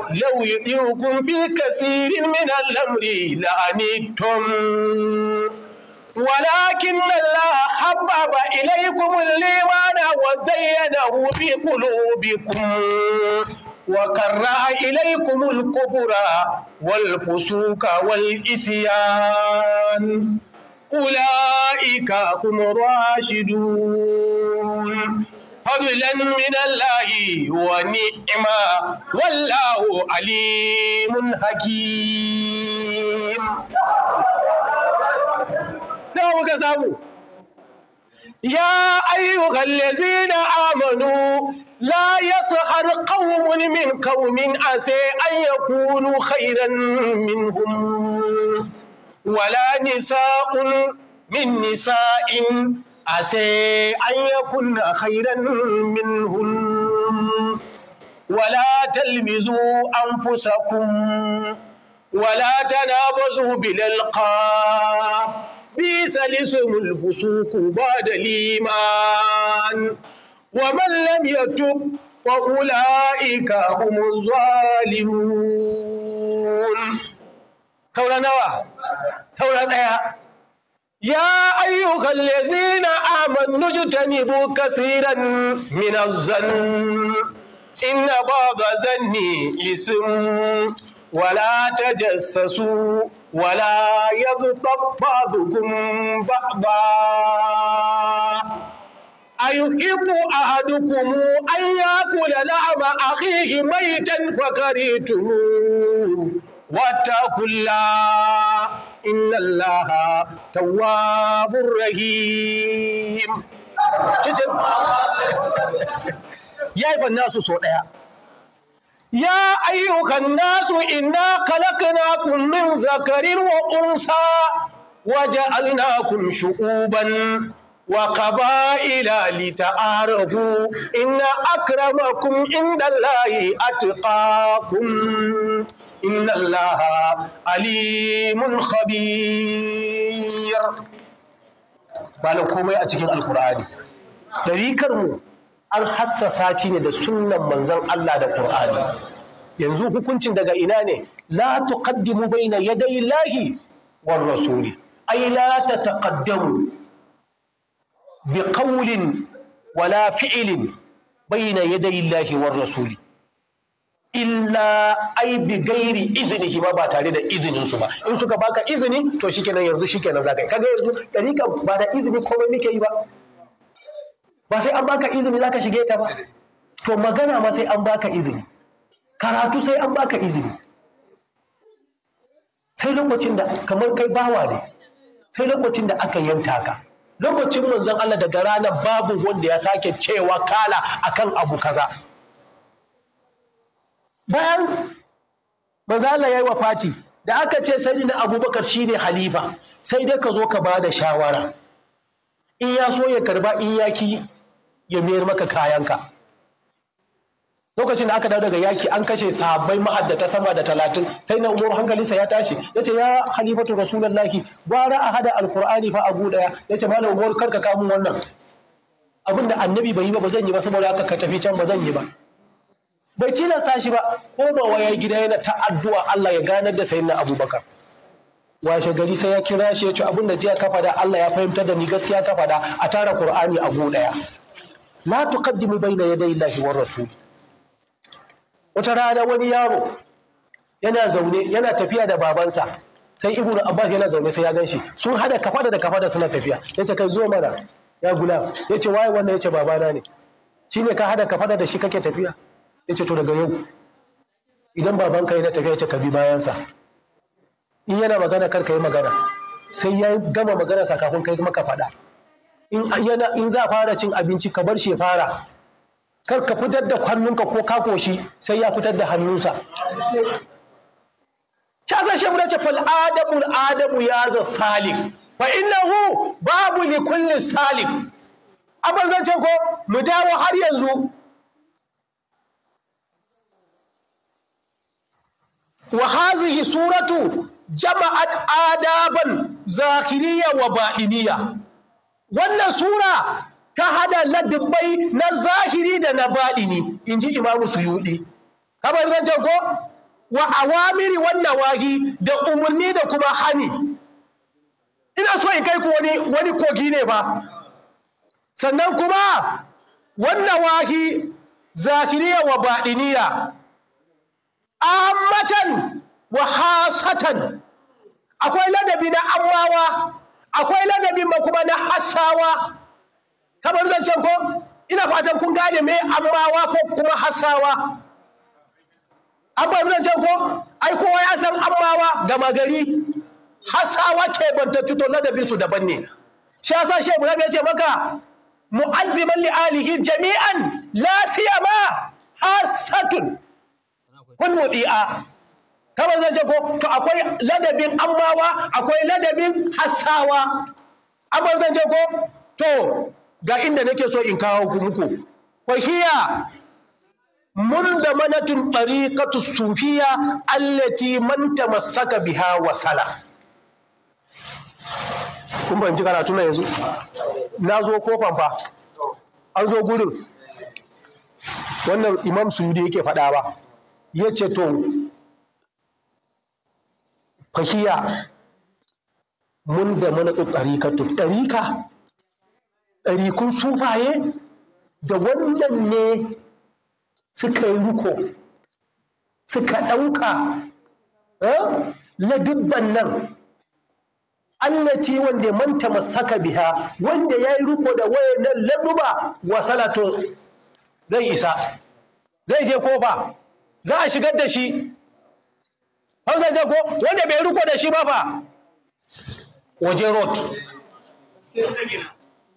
لو يطيعكم في كثير من الأمر لعنتم ولكن الله حبب إليكم الإيمان وزينه في قلوبكم وكره إليكم الكفر والفسوق والإسيان أولئك هم الراشدون فضلا من الله ونعما والله عليم حكيم nawa muka ya ayyuhal ladzina amanu la yas'ar qaumun min qaumin asa an yakunu khairan minhum wala nisa'un min nisa'in a sai an yi kunna hairan min hulun wala talmizu an fusakun wala tana bazu bilalka bisa lisumul fusuku ba da liman wa mallam ya tub wa kula ika kumun zalimun sauranawa sauran يا أيها الذين آمنوا اجتنبوا كثيرا من الظن إن بعض الظن إثم ولا تجسسوا ولا يغتب بعضكم بعضا أيحب أحدكم أن يأكل لعب أخيه ميتا فكرهتموه واتقوا الله الله تواب الرحيم تجيب يا ابن الناس سوداء يا ايها الناس انا خلقناكم من ذكر وانثى وجعلناكم شعوبا وقبائل لتعارفوا ان اكرمكم عند الله اتقاكم إن الله عليم خبير bala komai a cikin alkur'ani ɗarikar mu an hassasa shi ne da sunnan manzon Allah da Qur'ani yanzu hukuncin daga ina ne la tuqaddimu baina yaday lahi war rasuli ay la tataqaddamu bi qawlin wala fi'lin baina yaday lahi war rasuli illa ai bi gairi izini ba ba tare da izinin su ba in suka baka izini to shikenan yanzu shikenan za ka yi kaga yanzu dariƙa ba da izini komai muke yi ba ba sai an baka izini ka shige ta ba to magana ma sai an baka izini karatu sai an baka izini sai lokacin da kamar kai bawa ne sai lokacin da aka yanta ka lokacin manzon Allah daga ranar babu wanda ya sake cewa kala akan abu kaza bayan ya yi wa Fati, da aka ce sai na Abubakar shi ne halifa sai dai ka zo ka ba da shawara in ya so ya karba in ya ki ya mayar maka kayanka lokacin da aka dawo daga yaki an kashe sahabbai ma'addata sama da talatin sai na umaru hankalinsa ya tashi ya ce ya halifatu laki gwara a hada alkur'ani fa abu daya ya ce malam umaru karka kamun wannan Abinda annabi bai yi ba ba zan yi ba saboda aka ka tafi can ba zan yi ba bai tilasta shi ba ko ba waya gida yana ta addu'a Allah ya ganar da sayyidina Abubakar washe gari sai ya kira shi ya ce abin da jiya ka fada Allah ya fahimtar da ni gaskiya ka fada a tara Qur'ani a godaya. ya la tuqaddimu bayna yaday Allahi war rasul wata rana wani yaro yana zaune yana tafiya da babansa sai ibnu abbas yana zaune sai ya ganshi. shi sun hada kafada da kafada suna tafiya yace kai zo mana ya gulam yace waye wannan yace babana ne shine ka hada kafada da shi kake tafiya ya ce to daga yau idan babanka yana tafiya ce ka bi bayansa in yana magana kar ka yi magana sai ya gama magana sakakon kai maka faɗa in za a fara cin abinci ka bar shi ya fara kar ka fitar da hannunka ko ka koshi sai ya fitar da hannunsa ta san shi ce fal adabu adabu ya za salik fa innahu babu li kulli salik abin zan ce ko mu dawo har yanzu wa hazihi suratu jama'at adaban zakiriya wa baɗiniya wannan sura ta hada ladabbai na zahiri da na baɗini in ji imamu suyuɗi kamar zancen ko wa awamiri wannan wahi da umarni da kuma hani ina so in kai ku wani kogi ne ba sannan kuma wannan wahi zakiriya wa baɗiniya ammatan wa hasatan akwai ladabi na amawa akwai ladabi ma kuma na hasawa kamar zancen ko ina fatan kun gane me amrawa ko kuma hasawa an zancen ko ai kowa ya san gama gari hasawa ke banta cuto ladabin su daban ne shi sa shehu rabi ya ce maka mu'azziman li alihi jami'an la siyama hasatun kun muti'a kamar zan ce ko to akwai ladabin ammawa akwai ladabin hassawa amma zan ce ko to ga inda nake so in kawo muku wahiya mundamanatun tariqatu sufiya allati man tamassaka biha wasala kun ji karatu na yanzu na zo kofan fa an zo gurin wannan imam suyudi yake faɗa ba ya ce to fahiya mun da mana ɗarika to ɗarika ɗarikun sufaye da wannan ne suka yi ruko suka ɗauka ladibban eh, nan allati wanda man tamassaka biha wanda ya yi ruko da wayannan laduba wa salatun zai isa zai je kofa za a shigar da shi hausa ko wanda bai riko da shi ba fa waje road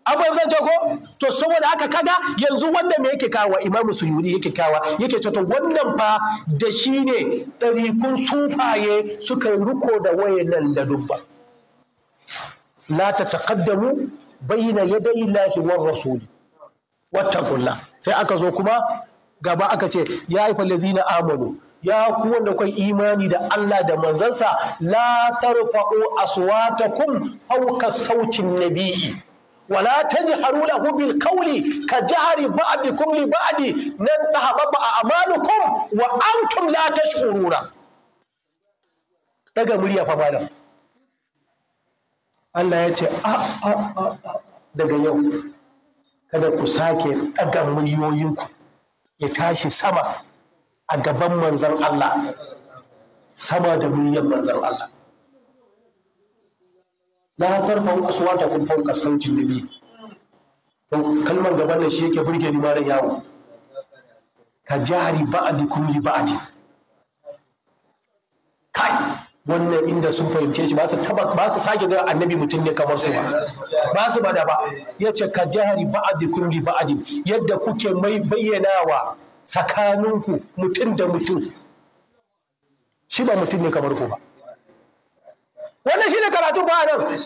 abubuwan zan ce ko to saboda aka kaga yanzu wanda me yake kawa imamu yuri yake kawa yake ce wannan fa da shi ne ɗarikun sufaye suka riko da nan da dubba la tataqaddamu bayna yaday llahi war rasuli wattaqullah sai aka zo kuma gaba aka ce ya yi na amanu ya kuwa wanda kwai imani da Allah da manzansa la tarfa'u aswatakum fawqa sautin nabiyyi ولا تجهروا له بالقول كجهر بعضكم لبعض لن تهبط اعمالكم وانتم لا تشعرون daga murya fa malam Allah ya ce a a a daga yau kada ku sake ɗaga muryoyinku ya tashi sama a gaban manzan Allah sama da muryar manzan Allah la tarfa'u kun fawqa sautin nabi to kalmar gaba da shi yake burge ni mara yawo ka jahari ba'dikum li ba'adi kai wannan inda sun fahimce shi ba su ba su sake ga annabi mutum ne kamar su ba ba su bada ba Ya ce ka jahari ba a ba'din yadda kuke mai bayyanawa tsakaninku mutum da mutum shi ba mutum ne kamar ku ba wannan ne karatu ba nan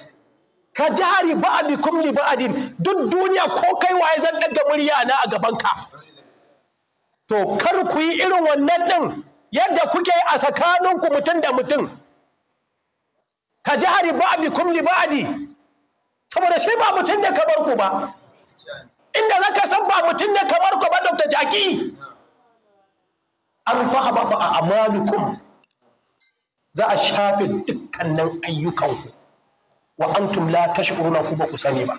ka jahari ba a ba'din duk duniya ko kai waye zan daga murya na a gaban ka to kar ku yi irin wannan din yadda kuke a tsakaninku mutum da mutum ka jihari ba'dikum li ba'di saboda shi ba mutum ne kamar ku ba inda zaka san ba mutum ne kamar ku ba Dr. Jaki an fahaba ba a amalukum za a shafe dukkanin ayyukanku wa antum la tashkuruna ku ba ku sani ba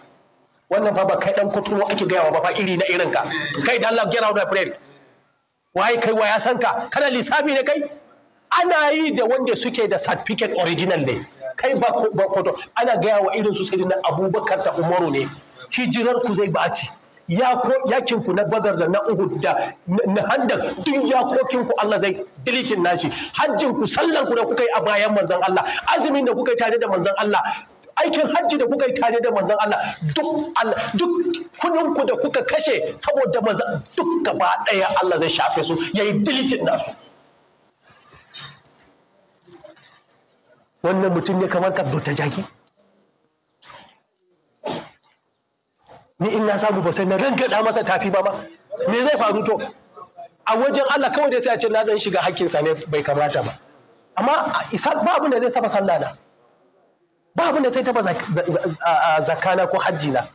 wannan fa ba kai dan kuturo ake gayawa ba fa iri na irin ka kai da Allah get out my friend waye kai wa ya san ka kana lissafi ne kai ana yi da wanda suke da certificate original ne kai ba kwato ana gaya wa irin su na abubakar da umaru ne hijirar ku zai baci yakin ku na badar da na uhud da na handa duk yakokin ku Allah zai dilitin nashi hajjin ku sallan ku da kuka yi a bayan manzon Allah azumin da kuka yi tare da manzon Allah aikin hajji da kuka yi tare da manzon Allah duk Allah duk kudin ku da kuka kashe saboda manzon duk gaba daya Allah zai shafe su yayi dilitin nasu wannan mutum ne kamar ka ta jaki ni in na samu ba sai na rangada masa tafi ba ma me zai faru to a wajen Allah kawai dai sai a ce na dan shiga hakkinsa ne bai kamata ba amma ba abin da zai taba sallah na ba abin da zai taba zakana ko hajji na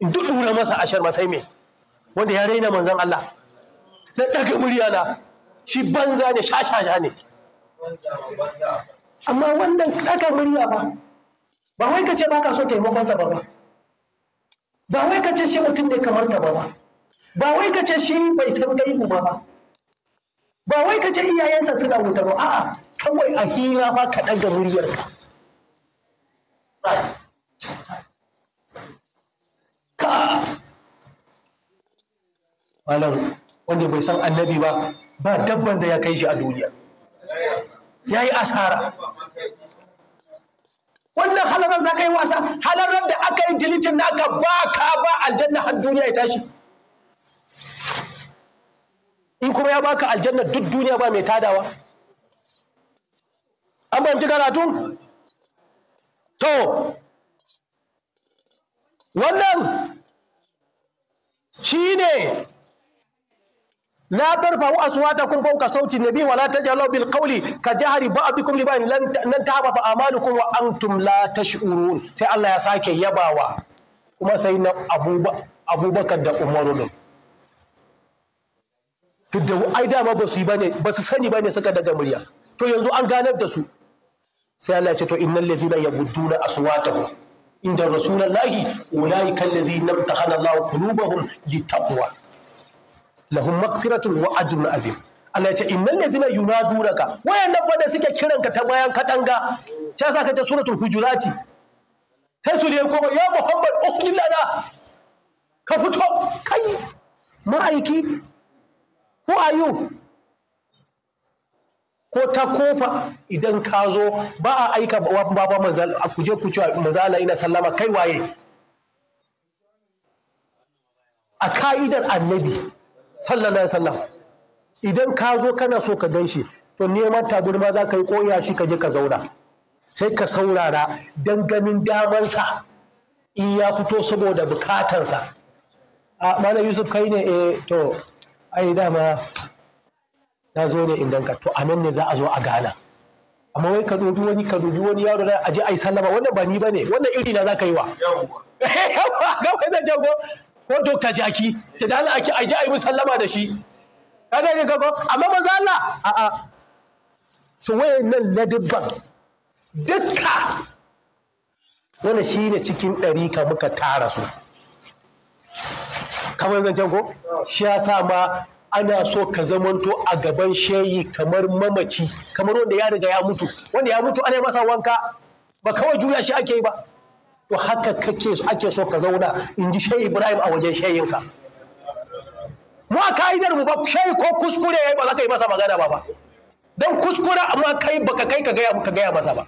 in duk dura masa ashar masai me wanda ya raina manzon Allah zan daga murya na shi banza ne shashasha ne amma wannan ɗaga murya ba ba wai ka ce ba ka so taimakonsa ba ba ba wai ka ce shi mutum ne kamar ka ba ba ba wai ka ce shi bai san gaibu ba ba ba wai ka ce iyayensa suna wuta ba a'a kawai a hira ba ka ɗaga muryarka ka malam wanda bai san annabi ba ba dabban da ya kai shi a duniya ya yi asara wannan halarar za ka yi wasa halarar da aka yi dilitin na aka ba ka ba aljanna har duniya ya tashi in kuma ya baka aljanna duk duniya ba mai tadawa an fahimci karatun to wannan shi ne la tarfa'u aswatakum fawqa sauti nabi wa la tajharu bil qawli ka jahri ba'dikum li ba'in lan tahbata amalukum wa antum la tash'urun sai Allah ya sake yabawa kuma sai na Abubakar da Umaru din tudda ai dama ba su yi bane ba su sani bane saka daga murya to yanzu an ganar da su sai Allah ya ce to innal ladzina yabudduna aswatahum inda rasulullahi ulai kallazi nabtahana Allah qulubahum litaqwa lahum magfiratun wa ajrun azim Allah ya ce innal ladzina yunadunaka wayannan fa da suke kiranka ta bayan katanga shi ka ce suratul hujurati sai su ne kuma ya muhammad ukhrijna lana ka fito kai ma'aiki who are you ko ta kofa idan ka zo ba a aika baba manzal a kuje ku manzala ina sallama kai waye a ka'idar annabi sallallahu alaihi wasallam idan ka zo kana so ka gan shi to neman taburma za ka yi koya shi ka je ka zauna sai ka saurara don ganin damansa in ya fito saboda bukatansa a mana yusuf kai ne eh to ai dama na zo ne inda ka to a nan ne za a zo a gana amma wai ka dubi wani ka dubi wani yaro da aje ai sallama wannan ba ni bane wannan iri na za ka yi wa yawa ga wai zan jago ko dokta jaki ta da Allah a ji a yi musallama da shi ka gani ka amma maza Allah a a to wayannan ladibban dukka shi shine cikin ɗari ka muka tara su kamar zancen ko shi ya sa ma ana so ka zamanto a gaban shayi kamar mamaci kamar wanda ya riga ya mutu wanda ya mutu ana masa wanka ba kawai juya shi ake yi ba to haka kake ake so ka zauna in ji shayi ibrahim a wajen shayinka mu a ka'idar mu ba shayi ko kuskure yayi ba za ka yi masa magana ba ba don kuskure amma kai baka kai ka gaya ka ga masa ba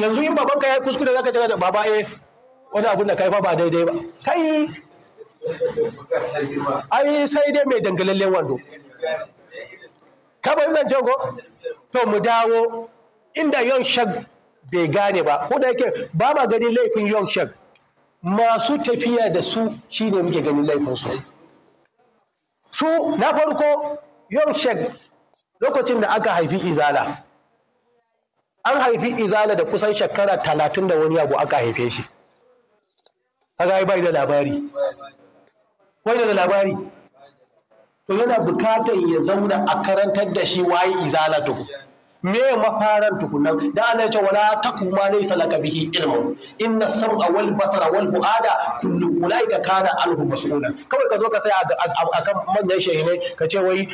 yanzu in babanka ka yayi kuskure za ka ce baba eh wani abun da kai fa ba daidai ba kai ai sai dai mai dangalallen wando Ka ba zan ko to mu dawo inda yon shag bai gane ba ko da yake ba ma ganin laifin yorkshire masu tafiya da su shine muke ganin laifinsu su na farko yorkshire lokacin da aka haifi izala an haifi izala da kusan shekara talatin da wani abu aka haife shi kaga bai da labari bai da labari to yana bukatar ya zauna a karantar da shi waye izala tuku. me mafaran tukunna da Allah ya ce wala takuma laysa laka bihi ilmu inna sam'a wal basara wal fuada kullu ulaika kana alhu mas'ula kawai ka zo ka sai akan manyan shehine ka ce wai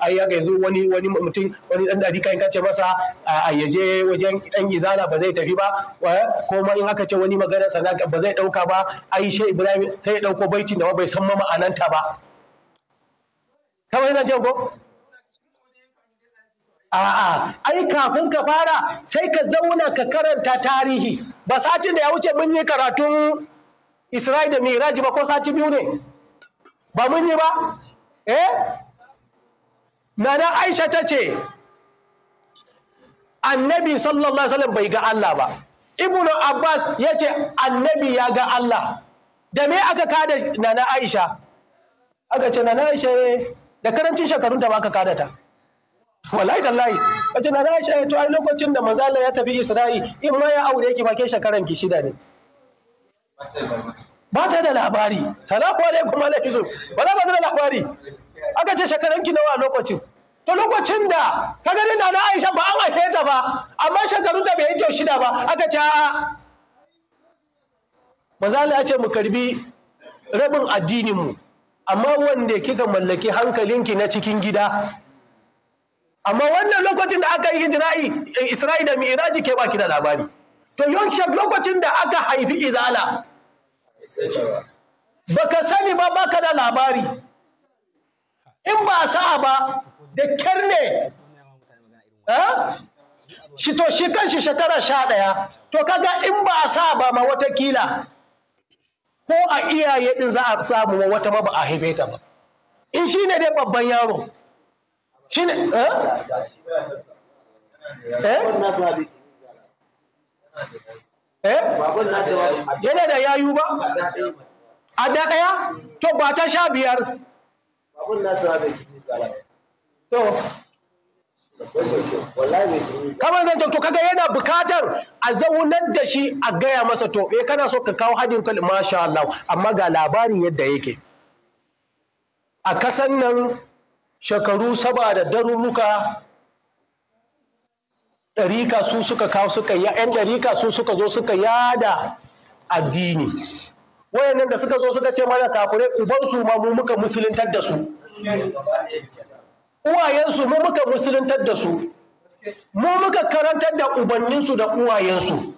ai ya yanzu wani wani mutum wani dan dari kai ka ce masa a yaje wajen dan izala ba zai tafi ba ko ma in aka ce wani magana sana ba zai dauka ba ai Ibrahim sai ya dauko baitin da bai san ma ma'ananta ba kawai zan ce ko A'a, ai kafin ka fara sai ka zauna ka karanta tarihi. Ba satin da ya wuce mun yi karatun Isra'il da Miraj ba ko sati biyu ne? Ba mun yi ba? Eh? Nana Aisha ta ce, Annabi sallallahu Alaihi wasallam bai ga Allah ba. Ibn Abbas ya ce, Annabi ya ga Allah. Da me aka kada Nana Aisha? Aka ce, Nana Aisha eh, da karancin shekarun da ba aka kada ta. wallahi dallahi Bace na Aisha to ai lokacin da manzo Allah ya tafi Isra'i in ma ya aure ki fake shekaran ki shida ne ba ta da labari salamu alaikum alaikum yusuf wala ba ta da labari aka ce shekaran ki nawa lokacin to lokacin da ka ga na na Aisha ba an haife ta ba amma shekarun da bai yi kyau shida ba aka ce a'a manzo Allah ya ce mu karbi rabin addinin mu amma wanda kika mallaki hankalinki na cikin gida amma wannan lokacin da aka yi ijra'i eh, isra'i da mi'raji ke baki da labari to yonshak lokacin da aka haifi izala baka sani ba baka da labari in ba a sa'a ba da kyar ne eh? shi to shi kan shi shekara sha ɗaya to kaga in ba a sa ba ma watakila ko a iyaye din za a samu wata ma ba a haife ta ba in shi ne dai babban yaro shi ne eh? eh? eh? yana da yayu a da to ba ta sha biyar kamar zan to kaga yana bukatar a zaunar da shi a gaya masa to eh kana so ka kawo hadin kalma masha Allah amma ga labarin yadda yake a kasan nan shekaru saba da darurruka ɗarika su suka kawo suka ya ‘yan ɗarika su suka zo suka yada addini wayannan da suka zo suka ce mana kafirai ubansu ma mu muka musuluntar da su uwayensu mu muka musuluntar da su mu muka karantar da ubanninsu da uwayensu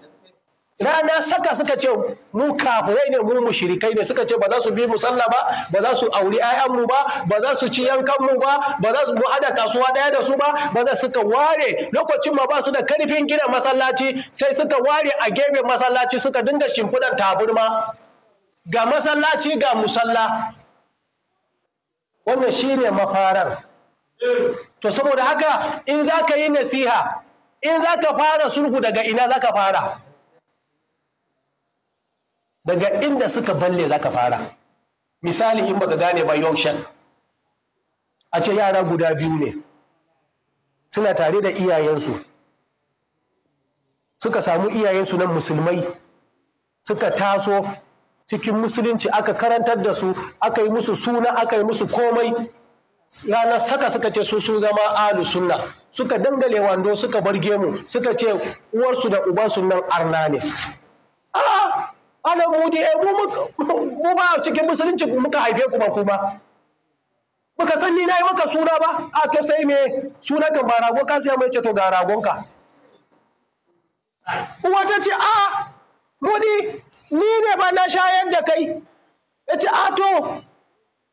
rana saka suka ce mu kafirai ne mu mushrikai ne suka ce ba za su bi mu sallah ba ba za su auri mu ba ba za su ci yankan ba ba za su hada kasuwa daya da su ba ba za suka ware lokacin ma ba su da karfin gina masallaci sai suka ware a gefen masallaci suka dinga shimfidan taburma ga masallaci ga musalla wannan shine mafarar to saboda haka in za yi nasiha in zaka fara sulhu daga ina zaka fara daga inda suka balle zaka fara misali in baka gane ba yaushen a ce yara guda biyu ne suna tare da iyayensu suka samu iyayensu nan musulmai suka taso cikin musulunci aka karantar da su aka yi musu suna aka yi musu komai ranar saka suka ce su sun zama alu sunna suka dangale wando suka bar gemu suka ce uwarsu da ubansu nan arna ne ah! ana eh, mudi e mu ba cikin musulunci muka haife ku ba ku ba muka san ni nayi maka suna ba a to sai me suna ka ba rago ka sai mai ce to ga ka uwa ta ce a mudi ni ne ba na shayar da kai ya ce a to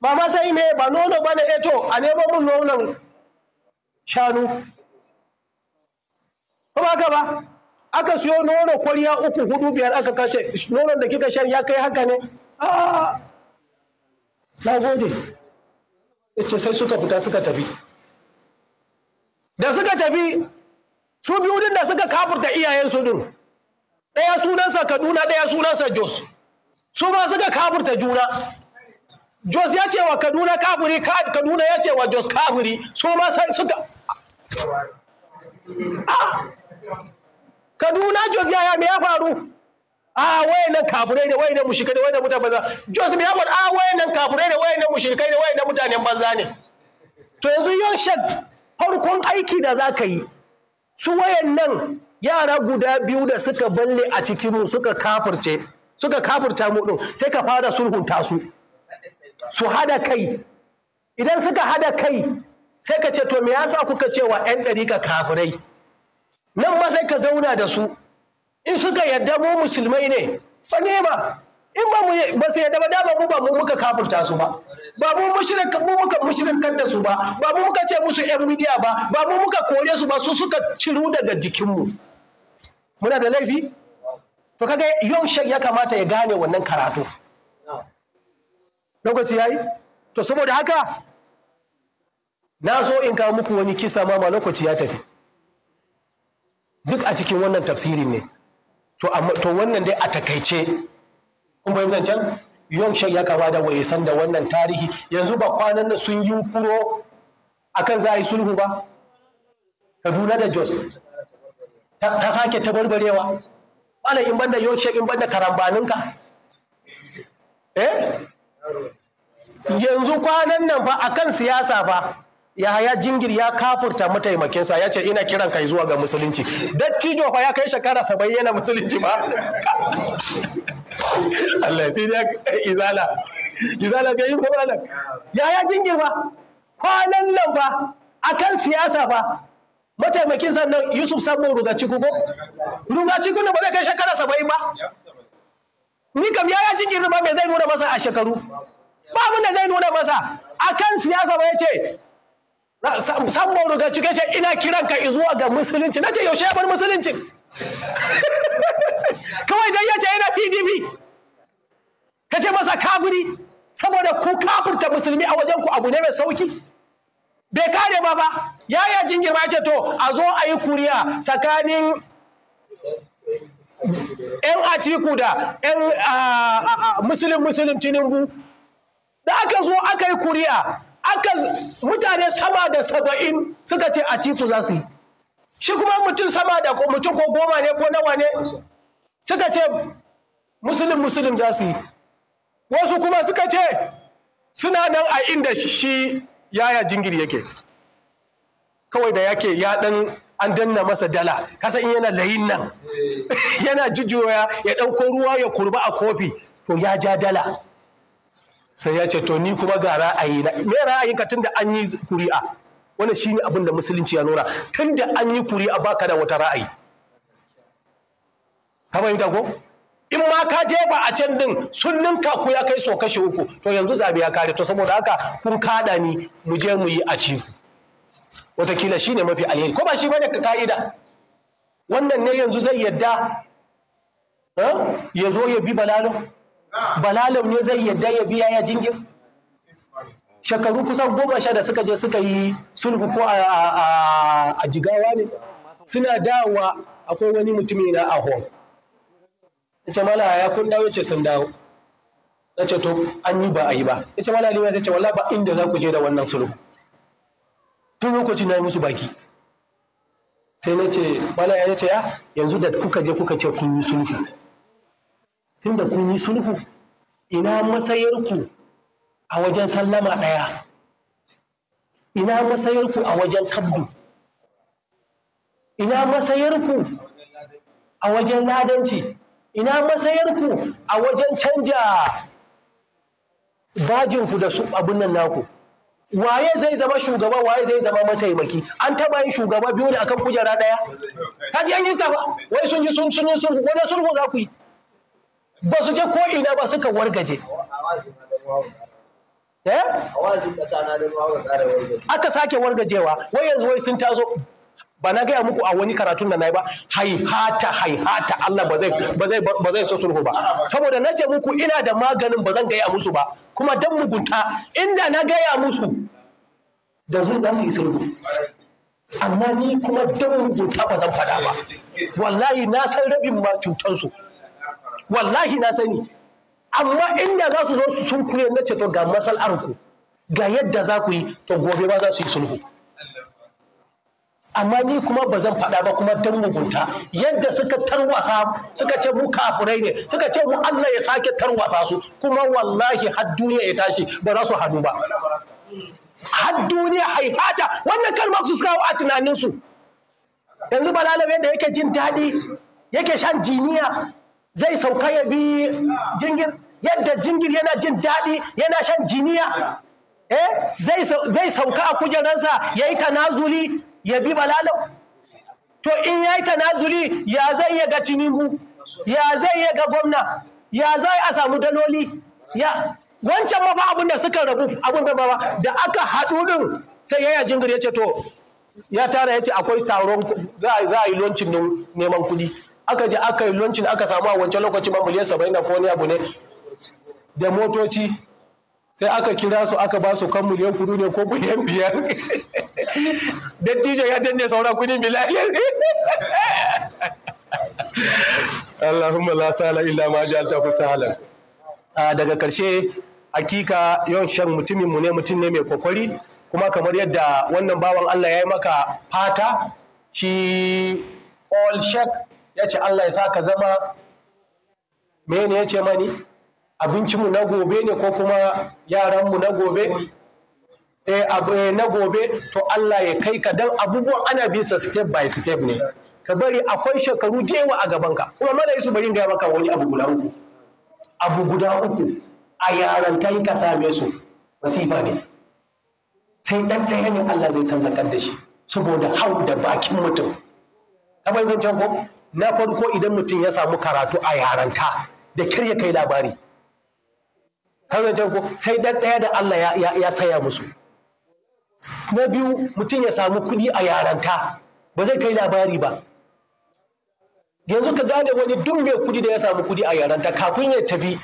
mama sai me ba nono ba ne eto eh a nemo mun nonon shanu ba ka ba aka siyo nono kwariya uku hudu biyar aka kashe nonon da kika shan ya kai haka ne ah! na gode yace sai suka fita suka tafi da suka tafi su biyu din da suka kafurta iyayensu din ɗaya sunansa kaduna ɗaya sunansa jos su ma suka kafurta juna jos ya ce wa kaduna kafuri, kaduna ya ce wa jos kafuri. su ma suka ah! kaduna jos yaya me ya faru a wayannan kafurai ne wayannan mushrikai ne wayannan mutane banza jos me ya faru a wayannan kafurai ne wayannan mushrikai ne wayannan mutanen banza ne to yanzu yon shek farkon aiki da za ka yi su wayannan yara guda biyu da suka balle a cikinmu suka kafirce suka kafirta mu din sai ka fara sulhunta su su hada kai idan suka hada kai sai ka ce to me yasa kuka cewa yan ka kafirai nan ma sai ka zauna da su in suka yadda mu musulmai ne fa nema in ba mu ba su yadda ba da ba mu ba mu muka kafirta su ba ba mu mushrik mu muka mushrikan da su ba ba mu muka ce musu yan midiya ba ba mu muka kore su ba su suka ciru daga jikinmu muna da laifi to kaga yon shek ya kamata ya gane wannan karatu lokaci yayi to saboda haka na so in kawo muku wani kisa ma ma lokaci ya tafi duk a cikin wannan tafsirin ne to wannan dai a takaice kun bayan zancen Yong shek ya kama da waye san da wannan tarihi yanzu ba kwanan nan sun yi kuro akan za a yi sulhu ba kaduna da jos ta sake tabarbarewa malam in banda yon shek in banda karambaninka eh yanzu kwanan nan ba akan siyasa ba. yahaya jingir ya kafurta mataimakinsa ya ce ina kiran kai zuwa ga musulunci dattijo fa ya kai shekara saba'in yana musulunci ba Allah ya tinya izala izala bai yi ya yahaya jingir ba kwanan nan ba akan siyasa ba mataimakin sannan yusuf sabon ko kuko ciku ne ba zai kai shekara saba'in ba ni kam yaya jingir ba mai zai nuna masa a shekaru ba abin da zai nuna masa akan siyasa ba ya ce san mauruga cike ce ina kiran ka zuwa ga musulunci na ce yaushe ya bar musulunci kawai dan yace yana pdp ka ce masa kafiri, saboda ku kafirta musulmi a wajen ku abu ne mai sauki bai kare ba ba ya ya jingirma ce to a zo a yi kuriya tsakanin yan atiku da yan ah, ah, ah, musulun musulun tinubu da aka zo aka yi kuriya aka mutane sama da saba'in suka ce a tiku za su yi shi kuma mutum sama da mutum ko goma ne ko nawa ne suka ce musulun musulun za su yi wasu kuma suka ce suna nan a inda shi yaya jingiri yake kawai da yake ya ɗan an danna masa dala kasa in yana layin nan yana jujjuya ya ɗauko ruwa ya kurba a kofi to ya ja dala sai ya ce to ni kuma ga ra'ayi na me ra'ayin ka tunda an yi kuri'a wannan shine abin da musulunci ya nuna tunda an yi kuri'a baka da wata ra'ayi ka fahimta ko in ma ka je ba a can din sun ninka ku ya kai so kashe uku to yanzu zabe ya kare to saboda haka kun kada ni mu je mu yi a ci watakila shine mafi alheri ko ba shi bane ka'ida wannan ne yanzu zai yadda eh, ya zo ya bi balalo balalau ne zai yadda ya biya ya jingir shekaru kusan goma sha da suka je suka yi sulhu ko a jigawa ne suna dawa akwai wani mutumi na aho ce mala ya kun dawo ce sun dawo na ce to an yi ba a yi ba ya ce mala liman zai ce wala ba inda za ku je da wannan sulhu tun lokacin na yi musu baki sai na ce mala ya ce ya yanzu da kuka je kuka ce kun yi sulhu tunda kun yi sulhu ina masayarku a wajen sallama ɗaya ina masayarku a wajen kabdu ina masayarku a wajen ladanci ina masayarku a wajen canja bajinku da su abin nan naku waye zai zama shugaba waye zai zama mataimaki an taba yin shugaba biyu ne akan kujera daya kaji an yi ba wai sun ji sun sun sulhu ko da sulhu za ku yi ba su je ko ina ba suka wargaje eh? aka sake wargajewa wai yanzu wai sun tazo ba na gaya muku a wani karatun da na yi ba haihata haihata Allah ba zai ba zai ba sulhu ba saboda na ce muku ina da maganin ba zan gaya musu ba kuma dan mugunta inda na gaya musu da zun za su yi sulhu amma ni kuma dan mugunta ba zan faɗa ba wallahi na san rabin ma cutansu wallahi na sani amma inda za su zo su sunkure na ce to ga masal'ar ku ga yadda za ku yi to gobe ba za su yi sulhu amma ni kuma ba zan faɗa ba kuma dan mugunta yadda suka tarwasa suka ce mu kafirai ne suka ce mu Allah ya sake tarwasa su kuma wallahi har duniya ya tashi ba za su hadu ba har duniya haihata wannan kalmar su kawo a tunaninsu yanzu balalau yadda yake jin daɗi yake shan jiniya zai sauka ya bi jingir yadda jingir yana jin daɗi yana shan jiniya eh zai sauka a kujeransa ya yi tanazuli ya bi balalau to in ya yi tanazuli ya zai ya ga tinubu ya zai ya ga gwamna ya zai a samu daloli ya wancan ma ba abin da suka rabu abin da ba da aka haɗu din sai yaya jingir ya ce to ya tara ya ce akwai taron za a yi loncin neman kuɗi aka je aka yi launching aka samu a wancan lokaci ba miliyan saba'in da wani abu ne da motoci sai aka kira su aka ba su kan miliyan kudu ne ko miliyan biyar tijo ya danne sauran kudi miliyan Allahumma la sala illa ma fi sahlan daga karshe hakika yawan shan mutumin mu ne mutum ne mai kokari kuma kamar yadda wannan bawan Allah ya yi maka fata shi all shek ya ce Allah ya sa ka zama mene ya ce mani abincinmu na gobe ne ko kuma yaranmu na gobe eh, eh, na gobe to Allah ya kai ka don abubuwan ana bisa step by step ne ka bari akwai shekaru jewa a gabanka kuma yi isu bari gaya maka wani abu guda uku abu guda uku a yaran ta yi ka same su masifa ne sai ɗan ɗaya ne Allah zai sallakar da shi saboda hau da bakin mutum kamar zancen ko na farko idan mutum ya samu karatu a yaranta da kyar kai labari ko sai ɗan ɗaya da Allah ya saya musu na biyu mutum ya samu kuɗi a yaranta ba zai kai labari ba yanzu ka gane wani duk mai kuɗi da ya samu kuɗi a yaranta kafin ya tafi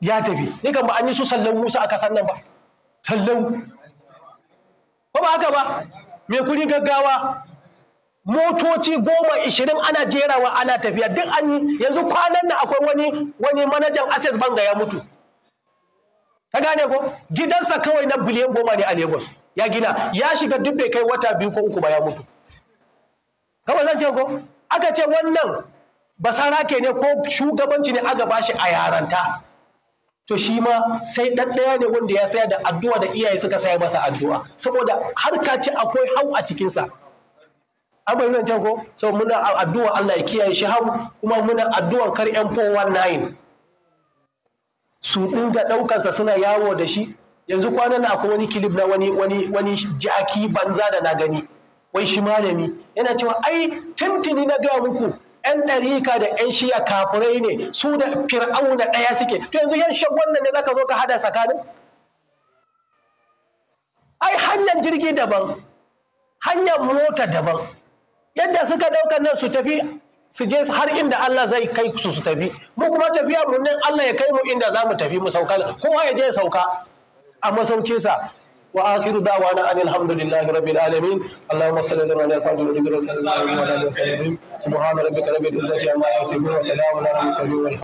ya tafi ni kan ba an yi su sallan musa a kasan nan ba sallan ba ba haka ba mai kuɗi gaggawa motoci goma ishirin ana jerawa ana tafiya duk an yi yanzu kwanan nan akwai wani wani manajan assets banga ya mutu ka gane ko gidansa kawai na biliyan goma ne a lagos ya gina ya shiga duk bai kai wata biyu ko uku ba ya mutu kawai zan ce ko aka ce wannan basarake ne ko shugabanci ne aka bashi a yaranta to shi ma sai ɗan ne wanda ya saya da addu'a da iyaye suka saya masa addu'a saboda harka ce akwai hau a cikinsa abin zan can ko so muna addu'a Allah ya kiyaye shi har kuma muna addu'an kar yan 419 su dinga sa suna yawo da shi yanzu kwanan na akwai wani kilif na wani wani wani jaki banza da na gani wai shi malami yana cewa ai tuntuni na ga muku yan ɗarika da yan shiya kafirai ne su da fir'auna ɗaya suke to yanzu yan shagon nan ne zaka zo ka hada tsakanin ai hanyar jirgi daban hanyar mota daban yadda suka ɗaukar nan su tafi su je har inda Allah zai kai su su tafi mu kuma tafiya mu nan Allah ya kai mu inda za mu tafi mu sauka kowa ya je sauka a masaukin sa wa akhiru da'wana anil hamdulillahi rabbil alamin allahumma salli ala sayyidina muhammadin wa ala alihi wa sahbihi subhana rabbika rabbil izzati amma yasifun wa salamun ala al mursalin